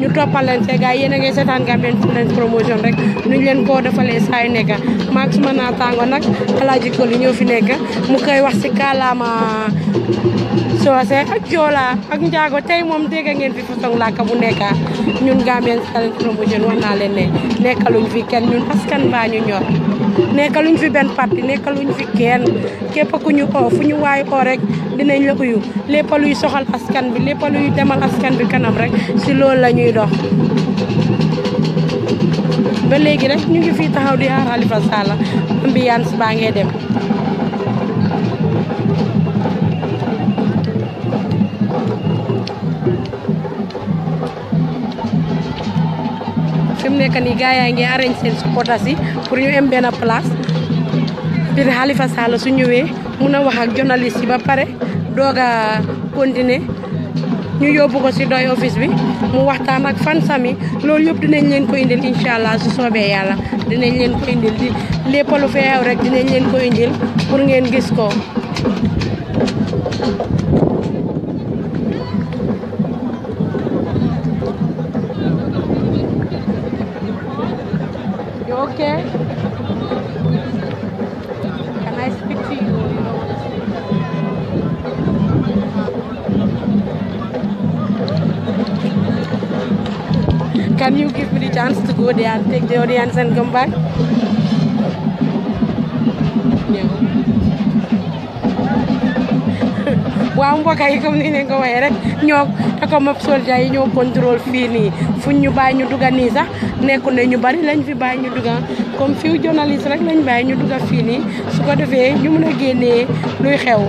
ñu toppal leen see gars yi yéen a ngi promotion rek nuñ leen koo defalee saa yu nekk maag suma naataango nag alaaji Koli ñoo fi nekk mu koy wax si kaalaama soose ak ak ngeen fi bu nekk ñun promotion wax naa leen ne nekkaluñ fi kenn ñun askan baa ñu ñor nekkaluñ fi benn parti nekkaluñ fi kenn képp ku ñu fu ñu rek dinañ la ko yu lépp luy soxal askan bi lepp luy demal askan bi kanam rek ci lool la ñuy dox ba légui rek ñu ngi fi taxaw di xaar Halifa Sala ambiance ba ngay dem fim nekk nii gars ngi arrange sen supporters yi pour ñu em place bir Khalifa Sallah su ñëwee mun wax ak journaliste yi ba paré doog a ñu yóbbu ko si doy office bi mu waxtaan ak fan sami loolu yëpp dinañ leen ko indil incha allah su soobee yàlla dinañ leen ko indil di lépp lu fi dinañ leen ko indil pour ngeen gis ko. audience, take the audience yi comme ni leen ko waxee rek ñoo takam ab soldat yi ñoo contrôle fii nii ñu bàyyi ñu dugga nii sax nekku ne ñu bari lañ fi bàyyi ñu dugga comme fiw journaliste rek lañ bàyyi ñu dugga fii nii su ko defee ñu mën a génnee luy xew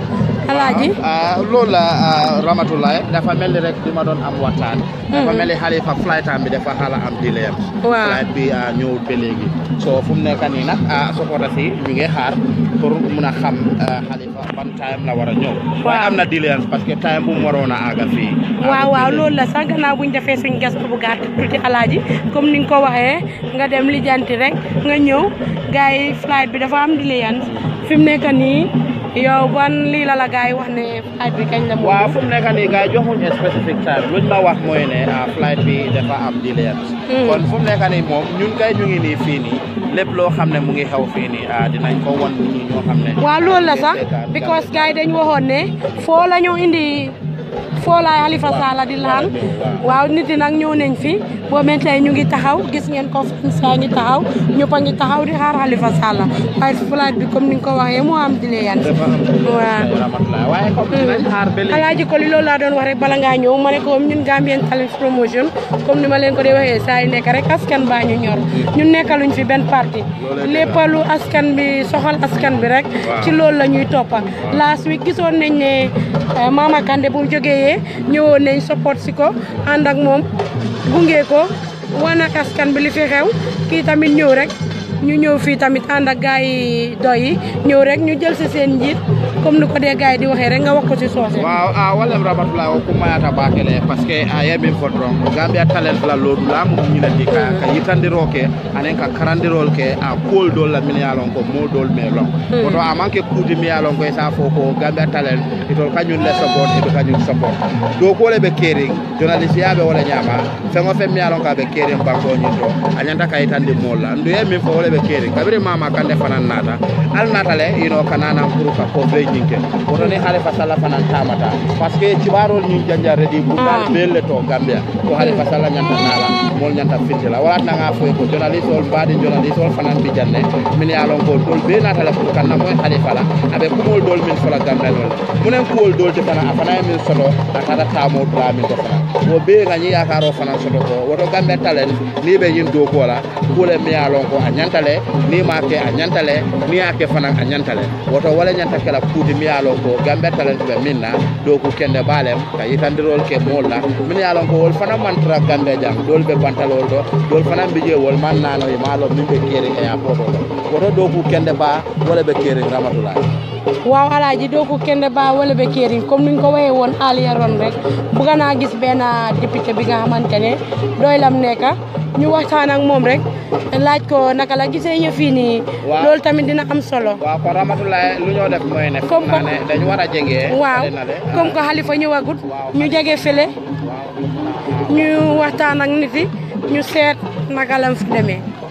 alaaji ah, ah, loolu la ah, Ramatulaay dafa mel rek di doon am waxtaan mm-hmm. dafa mel ni xalifa flight time bi dafa xala am dilem flight bi ah, ñëwut ba léegi so fu mu nekk nii nag ah, supporters yi ñu ngi xaar pour mun a xam ah, Halifa ban time la war a ñëw waaye am na délai parce que time bu mu waroon a àggal fii waaw waaw loolu la sax gannaaw buñ defee suñ gestu bu gàtt tuuti alaaji comme ni nga ko waxee nga dem lijanti rek nga ñëw gars yi flight bi dafa am délai fi mu nii yow ban lii la la gars yi wax ne flight bi kañ la mu. waaw fu mu nekk nii gars yi joxuñu specific time luñ la wax mooy ne ah, flight bi dafa am delay. Hmm. kon fu mu nekk nii moom ñun kay ñu ngi nii fii nii lépp loo xam ne mu ngi xew fii nii ah, dinañ ko wan ñi ñoo xam ne. waaw loolu la sax because gars yi waxoon ne foo la indi. Foolaay Halifa Sallah di laan waaw nit yi nag ñëw nañ fi boo mel ñu ngi taxaw gis ngeen ko saa ngi taxaw ñëpp a taxaw di xaar Halifa Sallah waaye fulaat bi comme ni nga ko waxee moo am di la yan waaw alaaji ko li loolu laa doon wax rek bala ngaa ñëw ma ne ko ñun Gambian Talents Promotion comme ni ma leen ko di waxee saay yu nekk rek askan baa ñu ñor ñu nekkaluñ fi benn parti lépp lu askan bi soxal askan bi rek ci loolu la ñuy toppa last week gisoon nañ ne euh, Mama Kandeh bu jógee ñëwoon nañ support si ko ànd ak moom gunge ko wan askan bi li fi xew kii tamit ñëw rek ñu ñëw fii tamit ànd ak gars yi doy yi ñëw rek ñu jël si seen njiit comme ni ko dee gars yi di waxee rek nga wax ko ci soose waaw a ah, walem ramatula o ko mayata bakele parce que a yamin fo dron gambia talent la lodu la mu ñina di ka ka yitandiro ke anen ka karandirol ke a ah, kool dol la min yalon ko mo dol me lon koto hmm. a ah, manke kuti mi yalon ko sa fo ko gambia talent itol kañun le support e be kañun support do ko le be journaliste ya be wala feŋo fe mi ye lon ka a ɓe keerin banko ni to a ñanta ka yitandi mool la ndu ye min fo wole ɓe keerin kabiri mama nde fanan nata al nata le ino kananan pour ka kofre ñin ke woto ni halifa salla fanan tamata par ce que cibarol ñin redi ah. bu dal belle to gambia ko hale salla ñanta nala mol nyanta fitte la wala tanga fo e ko journaliste wol baade journaliste wol fanan bi janne min ya lon ko dol be kan na tala ko kanna moy khalifa la abe ko mol dol min fala gambe non munen ko wol dol te fana afana min solo akara tamo dra min to fana wo be ganyi yakaro fana solo ko woto gambe talen ni be yin do ko la ko le mi ya lon ko anyantale ni ma ke anyantale ni ya ke fana anyantale woto wala nyanta kala kuti mi ya lon ko gambe talen be minna do ko kende balem kayitandirol ke molla min ya lon ko wol fana mantra gambe jam dol be bantalol ɗo joni fana mbi joyi wol man nano e malo min ɓe keeri heya poto ɗo woto dow ku kende ba wala ɓe keeri ramatulaji waaw alaaji doo ko kende baa wala ba kéerin comme ni ñu ko waxee woon aliya ron rek bëgg naa gis benn député bi nga xamante ne doy lam nekka ñu waxtaan ak moom rek laaj ko naka la gisee yëf yi nii. loolu tamit dina am solo. waaw kon Ramatulaye lu ñoo def mooy ne. comme que dañu war a jege. waaw comme que Halifa ñëwagut ñu jege fële. ñu waxtaan ak nit yi. set, Newsset, Magalhães Clemente.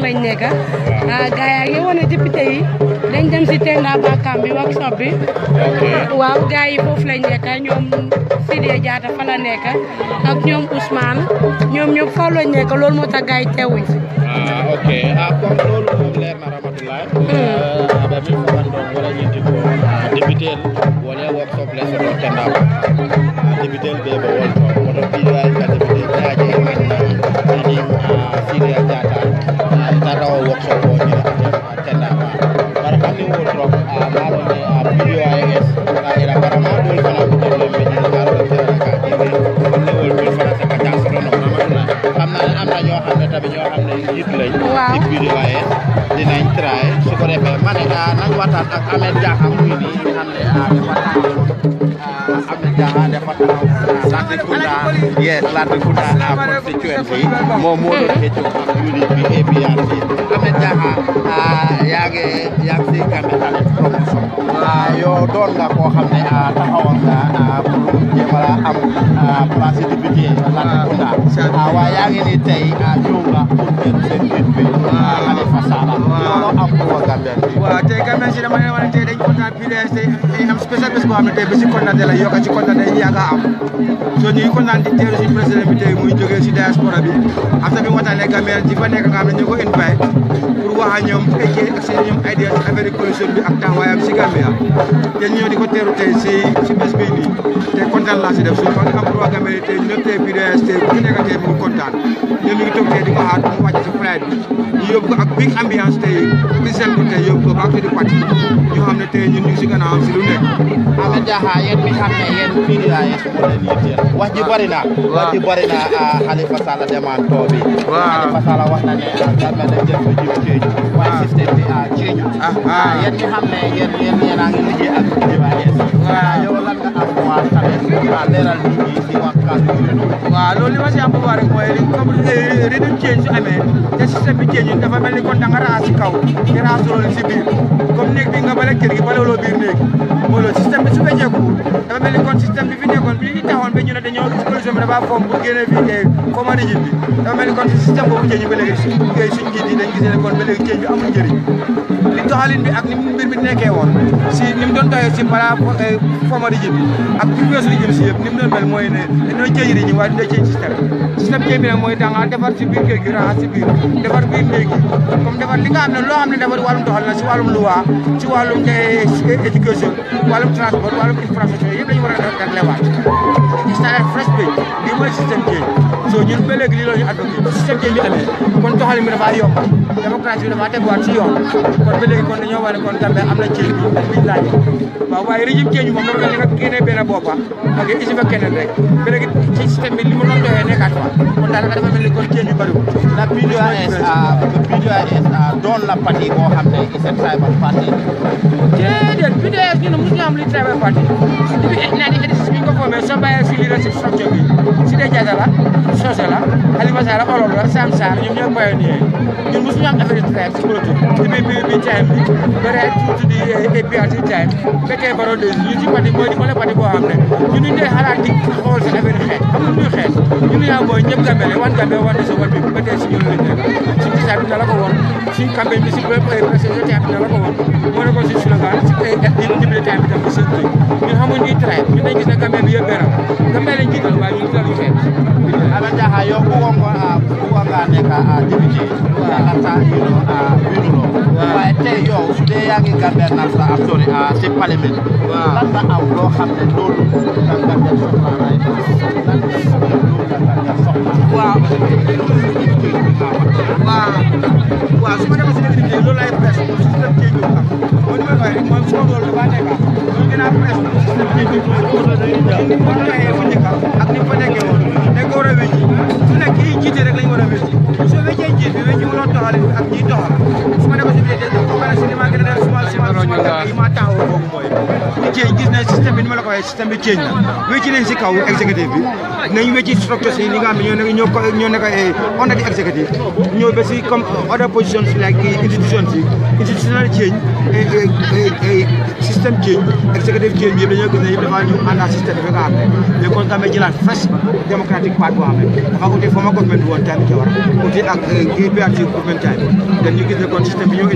fan lañ nekk ah gars yaa a wane député yi dañ dem si tenda bakam bi workshop bi waaw gars yi foofu lañ nekk ñoom Sidia Jatta fa la nekk ak ñoom Ousmane ñoom ñëpp fa lañ nekk nara o workshop o ñala attendama bara hanni wo trop a maɗone a pio as a ira bara maɗol fana ko ɗemle meɗen maɗol fenana ka ɗemle onne wol ɓel fana saka ta sotono amna amna ñoo xam ne tabi ñoo xam ne yit lañ try Latrikunda, yes, Latrikunda constituency, Momodo Kecho, UDP, APRC. Ahmed Yage, Yagsi Kamitale Promotion. Yo, doon nga koo xam ne taxawal nga pour jéemala am place député Latrikunda. Waaye yaa ngi ni tey ñëw nga pour ngeen seen njiit bi Halifa Sallah. Loolu am pour Gambien bi. Waaw tey Gambien si dama ne woon tey dañ kontaan fii de am spécial bés la am. so ñu ngi kontaan di teeru suñu président bi tey muy jógee si diaspora bi am na fi mu waxtaanee Gambian nekk nga xam ne ñu ko invité pour wax ak ñoom fekkee ak seen ñoom idée si affaire collection bi ak taxawaayam si a te ñoo di ko teeru tey si si te kontaan laa si def suñu fan am pour waa Gambia kontaan ñun ñu ngi toog tey di ko xaar mu wàcc si flight bi yóbbu ak big ambiance tey président bi tey yóbbu ko ba affaire parti ñu ne tey ñun ñu ngi si gànnaawam si lu nekk. Ameth Diakha yéen mi xam ne yéen fii di laay wax ji bari wax ji bari na ah, Halifa Sallah demantoo bi. waaw Halifa Sallah wax na ne Gambe ah, dañ jël ko jiw ceeñ. waaye système bi ah, ceeñu. yéen mi xam ne yéen yéen yéen a ngi liggéey ak DIS. waaw yow lan nga am waa tamit leeral nit ñi si wax. waaw loolu li ma si am bu baax rek mooy comme eh, rythme change su amee te système bi change dafa mel ni kon da nga raas si kaw di raas loolu si biir comme néeg bi nga bale kër gi bale loo biir néeg loolu système bi su fekkeeku dafa mel ni kon système bi fi ne dañoo bi dafa foom eh, bi dafa mel ni kon système boobu change ba léegi suñ koy suñ njiit yi dañ gisee kon ba léegi change bi amul bi ak ni ni mu eh, bi ak fi weesu li jëm si yëpp ni mu doon mel mooy ne dinoo jëriñu waaye dinoo jëriñ système système jéem bi nag mooy dangaa defar si biir géej gi raxas si biir defar biir néeg gi comme defar li nga xam ne loo xam ne defar wàllum doxal na si wàllum loi si wàllum éducation wàllum transport wàllum infrastructure yëpp dañu war a defar lewaat c'est-à-dire fresh bi lii mooy système jéem ba léegi lii la ñu amee kon doxalin bi dafa yomb démocratie bi dafa teguwaat si kon ba léegi kon dañoo war a kon Gambie am na jéem bi biñ laaj waaw waaye régime jéem nekk ci système bi li mu doon doxee nekkaat fa kon daal dafa mel ni kon jéem yu bëriwul. ndax PDOIS PDOIS doon la parti boo xam ne seen tribal parti. déedéet PDOIS ñu ne mosu ñu am luy tribal parti. ko foofee Samba si li rëcc soog jóg yi Sidi Diatta la Socé la Aliouma Sarr Olof la Sam Sarr ñoom ñoo pioneer ñun mosu ñu am affaire yu traite ci projet bi bi bi time bi ba ren di APRC time ba tey baro de ñu di mën a parti boo xam ne ñun ñu ngi lay xalaat di si ñun yaa mooy ñëpp si ñun lañ nekk si si campagne bi si présidentielle bi ñun xamuñ ñuy traite ñun ben yebera kamele kita ba ni tali fe ala ja hayo ko ngon ko a ko ngan ne a waaye tey yow su dee yaa ngi gardé nag sa am sori ah si palais waaw lan nga am loo xam ne loolu da nga gardé soxla naay lan nga soxla loolu da nga gardé soxla. waaw waaw waaw su ma demee si biir liggéey loolu laay presse moom système kii bi am boo demee fay moom su ma loolu dafaa nekk am loolu dinaa presse moom système kii bi moom loolu la ñuy jàpp ni ma nekkee fu njëkk ak ni ma nekkee woon dañ ko war a wécci su nekk kii jiite rek lañ war a wécci soo wéccee jiit bi wécci mënoo toxal ak ñiy toxal su ma demee si ma taxawoo foofu mooy ñu ci gis nañ système bi ni ma la ko waxee système bi change na wécci leen si kaw exécutif bi nañ wécci structure si li nga xam ne ñoo nekk ñoo ko ñoo nekk on di exécutif ñëw ba si comme other positions like institution si institutional change système change exécutif change bi yëpp dañoo gis ne yëpp dafa ñu ànd ak système bi nga xam ne léegi kon damay jëlaat fresh démocratic part boo xam ne dafa ko te former government woon time ci war ko te ak GPRT government time dañ ñu gis ne kon système bi ñoo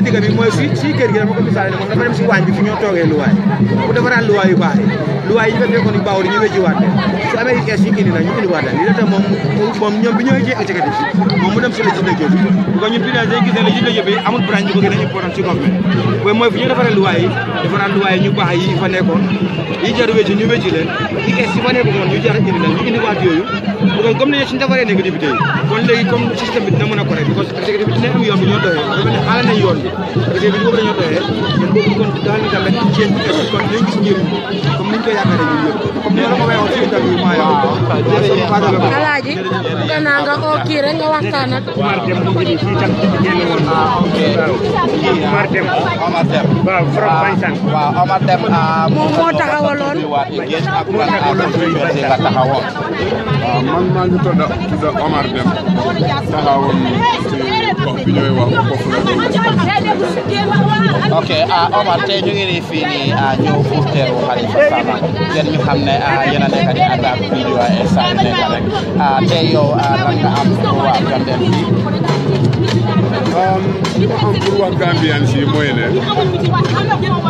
si digg bi mooy si si kër gi dama ko misaale ne moom dafa si waañ bi fi ñoo toogee luwaay bu defaraat luwaay yu baax yi luwaay yi fa fekkoon yu baaxul ñu wécciwaat leen su amee yu ees yu indi na ñu indiwaat leen li la tax moom moom ñoom bi ñooy jeex exécutif moom mu dem si législature a si government booy mooy ñu defaree luwaay ñu baax yi fa nekkoon yi ñu wécci leen yi ees kon léegi comme système bi dina mën a correct parce que exécutif bi dina am yoon bi ñoo ne xaala yoon bi parce que bi boobu dañoo doxee ñun boobu koy alaaji bëgg naa nga oo kii rek nga waxtaan ak Mar Dem bu ngi fii tam ci génn woon ah, Mar Dem waaw from ah, Bansan waaw Omar Dem ah, moom moo taxawaloon moo taxawaloon waaw man maa ngi tudd Omar Dem taxawoon bi ñooy ok ah Omar tey ñu ngi nii fii nii ah ñëw pour teeru Halifa Sallah yéen ñu xam ne ah yéen a nekk di ànd ah, ah, am pour waa Gambien fii. li um, ma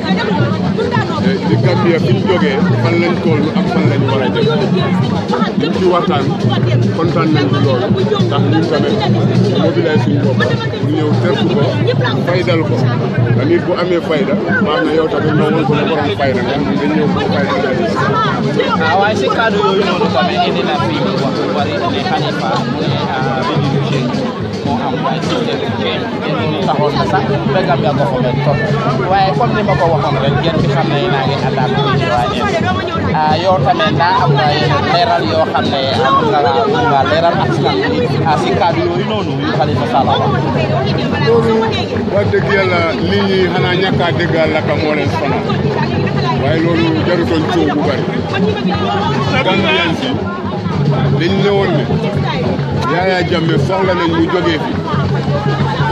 Eh, di Gambia fi ñu jógee fan lañ toll ak fan lañ kontaan nañ ci loolu ndax ñun tamit mobiliser suñu bopp ñu ñëw ko faydal ko te bu amee fayda baax na yow tamit ñoo woon ko fayda nga xam ne ñëw ko ah, si kàddu yooyu noonu tamit indi na fi wax bu bari ne Hanifa mu ne ah, taxoon na sax ba Gambia ko xamee waaye comme ni ma ko waxoon rek ngeen fi xam ne naa ngi ànd ak ñi waa yow tamit naa am leeral yoo xam ne am nga nga leeral askan bi si kàddu yooyu noonu yu Halifa Sallah loolu wax dëgg yàlla nit ñi xanaa ñàkk a dégg laka moo leen waaye loolu jarutoon coow bu bari Gambian si dañ ne woon ne Yaya Jammeh soxla nañ mu jógee fi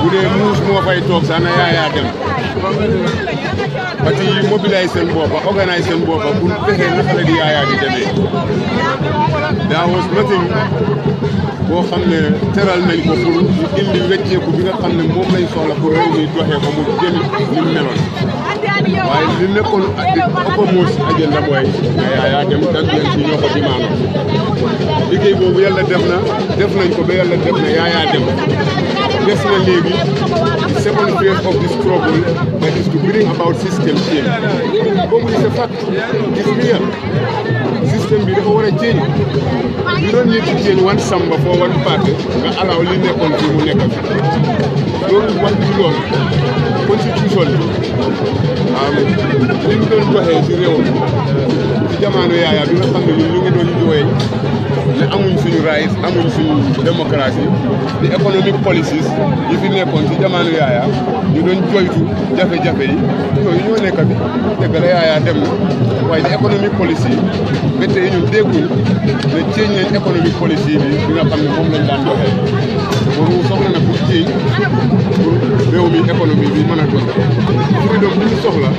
bu dee muus moo fay toog na Yaya dem parti yi mobiliser seen bopp organiser seen bopp pour di Yaya di demee daa was nothing teral nañ ko pour indi wecceeku bi nga xam ne moom lañ soxla pour réew mi mu jëm ni mu meloon waaye li nekkoon ak di ëpp moos agenda mooy Yaya dem dag leen ci liggéey boobu yàlla def na def nañ ko ba yàlla def na yaayaa dem des na léegi the second phase of this struggle that is to bring about system change boobu is a fact is real système bi dafa war a change you don't need to change one samba for one party nga allow li nekkoon fii mu nekk fi loolu wàññi loolu constitution bi waaw li mu doon doxee si réew ci jamono yaaya bi nga xam ne ñun ñu ngi doon jooyee ne amuñ suñu rights amuñ suñu démocratie di economic policies yi fi nekkoon si jamono yaaya ñu doon joytu jafe-jafe yi yooyu ñoo nekk bi dëgg dem na waaye di economic policy ba tey ñun dégguñ ne ceeñ nañ economic policy bi bi nga xam ne moom lañ daan doxee moom soxla na pour ci pour réew mi économie bi mën a doon fii donc ñu soxla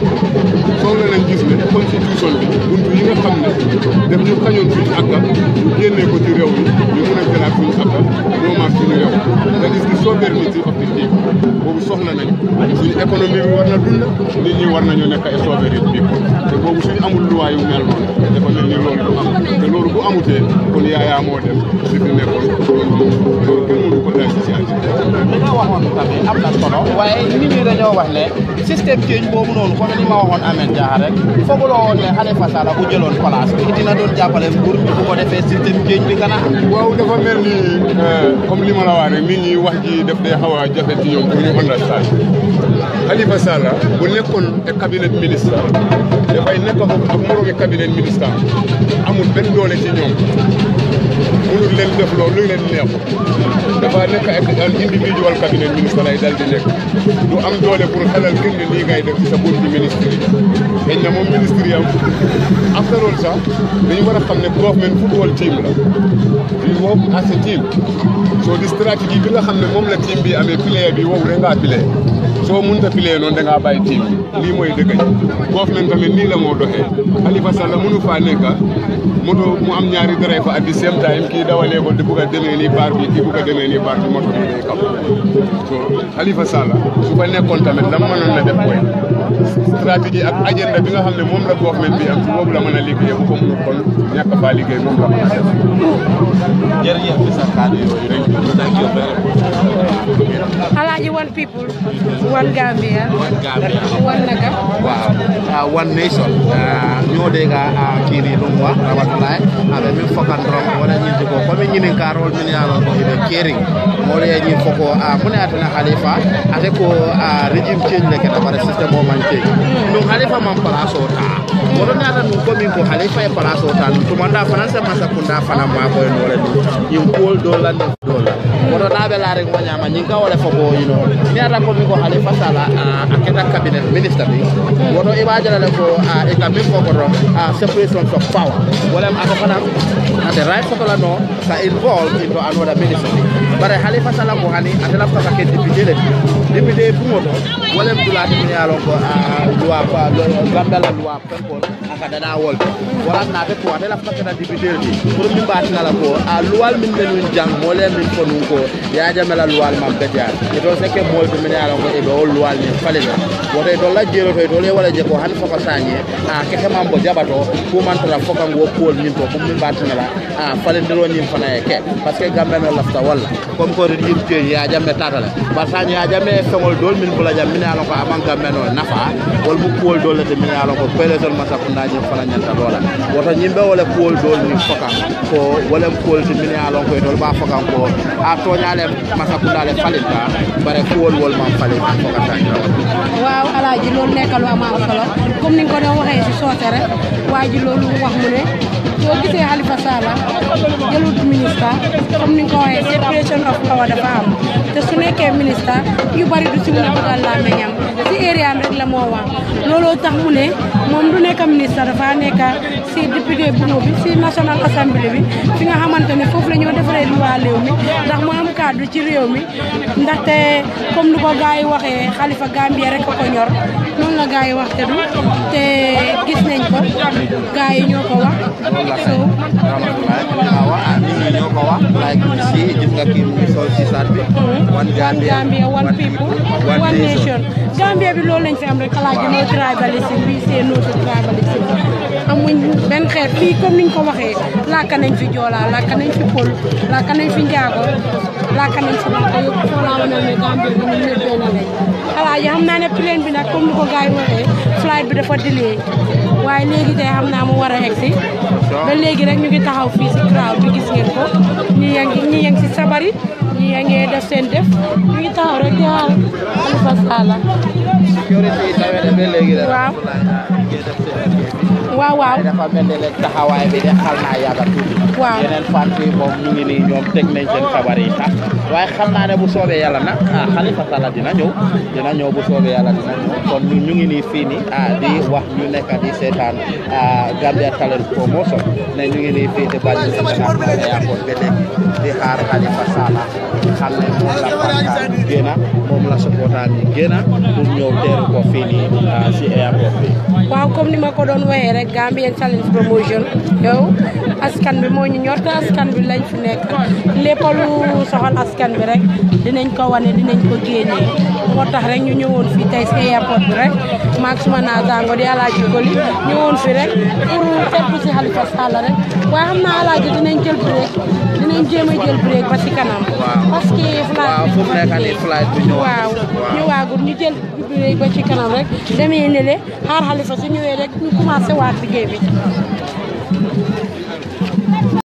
soxla nañ gis ne constitution bi buntu yi nga xam ne def ñu xañoon fii ak ñu génnee ko ci réew mi dëgëraat suñu affaire moment suñu yow nga gis ni soo permis ci objectif boobu soxla nañu suñu économie war na dund nit ñi war nañoo nekk ay souverain bi te boobu suñu amul luwaa yu mel noonu dafa mel ni loolu du am te loolu bu amutee kon yaayaa moo dem li fi nekkoon loolu kenn mënu ko daal ci ci àddina. li nga waxoon tamit am na solo waaye nit ñi dañoo wax ne. système change boobu noonu comme li ma waxoon Ameth rek fooguloo woon ne Halifa Sallah bu jëloon place doon jàppale nguur bi bu ko defee bi gën a am. waaw dafa mel ni euh, comme li ma la wax rek nit ñi wax ji daf day xaw a jafe ci ñoom pour ñu understand Halifa Sallah bu nekkoon cabinet ministre dafay nekk ak moromi cabinet ministre amul benn doole ci ñoom. mënul leen def loolu lu leen neex dafa nekk ak un individual cabinet ministre lay dal di nekk du am doole pour xelal kenn ne nii ngay def sa buntu ministre yi xëy na moom ministre yi am after all sax dañu war a xam ne government football la we work as a team so di stratégie bi nga xam ne moom le team bi amee player bi wow rek ngaa soo mënut a filee noonu da ngaa bàyyi tiim lii mooy dëgg government tamit nii la moo doxee Halifa Sallah mënu faa nekk ah. moto mu am time kii dawalee ko di bugg a demee nii baar bi kii bugg a demee nii baar bi moto bi day kaw so ah, Halifa Sallah su ko nekkoon tamit la mënoon na def mooy stratégie ak agenda bi nga xamne mom la government bi am ci boobu la mëna liggéey bu ko mun kon ñàkk faa liggéey mom la mëna a def jërëjëf bi sa xaal yooyu rek thank you very much alaaji one people one Gambia one Gambia one naka waaw uh, one nation uh, ñoo ki dega uh, mo rawat lay abe min fokan rom wala ñinti ko ñi ni ka rol ñi yaama ko ibe caring moolu ye ñiŋ fo ko muŋ ne ye a tena halifa ate ko régime change le keta bari système o maŋ change donc halifa maŋ place o taa woto naata num komin ko haalay fay place o tan tumanda fanan sa masa kunda fana makoye nole ɗum yin kuwol dow lande dola woto naɓe laare goñama ñin ka wole fobo ino mi ata komin ko haalay fasala a keta cabinet ministre ɗi woto iɓajalale ko e kam min fokoto separation of power wolem ako fanan ate right fotola no sa involve into another ministre ɗi bare haalay fasala ko hani ate laftata ke député le ɗi député kumoto wolem dulatimiyalonko ah, loi gambela loi penkol aka dana wolɓe warat nate tuwate la fakata député ti pour mi mbatinala ko a luwal min menun jang la min fonun ko yajamela luwal mam betiyan eto sekke molɓe min yalonko eɓe o luwal min falita woto to la jero to tole wala je ko han foko sañe a keke mambo jaɓato kumantata fokango kuwol min to pour mi mbatinala a falindiro ñin fana e ke par ce que gambeno lafta walla comme ko tet yim teñ yajamme tatale par sañ yajamme pele feŋol dool min bula jam min ye a lon ko a maŋ gammeno nafa wol mu kuwol dool le ti min ye a ko pelesol masakundañin fana ñanta loola woto ñiŋ be wo le kuwol dool foka ko wo len ti min ye ko dool baa fokan ko a le bare wol foka waaw solo comme ko waaji wax mu ne boo gisee Halifa Sallah jëlut ministre comme ni nga ko waxee separation of power dafa am te su nekkee ministre yu bari du si mun a dugal laa meñam si area rek la moo wax looloo tax mu ne moom du nekk ministre dafa nekk si député bureau bi si national assemblée bi fi nga xamante ne foofu la ñoo defaree lu waa réew mi ndax mu am kaddu ci réew mi ndaxte comme nu ko gars yi waxee Halifa Gambia rek a ko noonu la gars yi wax te du te gis nañ ko gars loolu la xëy alhamdulilah waaw ah nit ñi ñoo ko wax like si gis nga kii mu ngi sol si saat bi one Gambia one people one nation Gambia bi loolu lañ fi am rek xalaat ji mooy tribalisme bi c'est notre tribalisme amuñ benn xeet fii comme niñ ko waxee làkk nañ fi joolaa làkk nañ fi pël làkk nañ fi njaago làkk nañ fi làkk yëpp foo laa wane ne Gambia bi ñun ñëpp benn lañ xalaat yi xam naa ne plane bi nag comme ni ko gars yi waxee flight bi dafa delay waaye léegi tey xam naa mu war a egg si léegi rek ñu ngi taxaw fii si crowd bi gis ngeen ko ñi yaa ngi ñi si sabari ñi yaa ngi def seen def ñu ngi taxaw rek di xaar Halifa Sallah waaw waaw waaw dafa mel ne rek taxawaay bi de xal naa yàgg tuuti waaw yeneen parti moom ñu ngi nii ñoom teg nañ seen sabar tax waaye xam naa ne bu soobee yàlla nag ah Halifa Sallah dina ñëw dina ñëw bu soobee yàlla dina ñëw kon ñu ngi nii fii nii ah, di wax ñu nekk di seetaan ah, Gambia Talent Promotion ne ñu ngi nii fii di bañ di seetaan xale ah, yaa ko ba léegi di xaar Halifa Sallah xam ne moom la la supporters yi génn pour ñëw teeru ko fii nii ah, si airport bi. waaw comme ni ma ko doon waxee rek Gambian Talents Promotion yow askan bi moo ñu ñor te askan bi lañ fi nekk lépp lu soxal askan bi rek dinañ ko wane dinañ ko génnee moo tax rek ñu ñëwoon fii tey si airport bi rek maag suma naataango di alaaji Koli ñëwoon fi rek pour tepp si Halifa Sallah rek waaye xam naa alaaji dinañ jël bi rek. nañ jéem a jël break ba ci kanam. waaw parce que flight waaw bi ñëwaat waaw ñu waagul ñu jël break ba ci kanam rek demee ne le Halifa su ñëwee rek ñu commencé waat liggéey bi.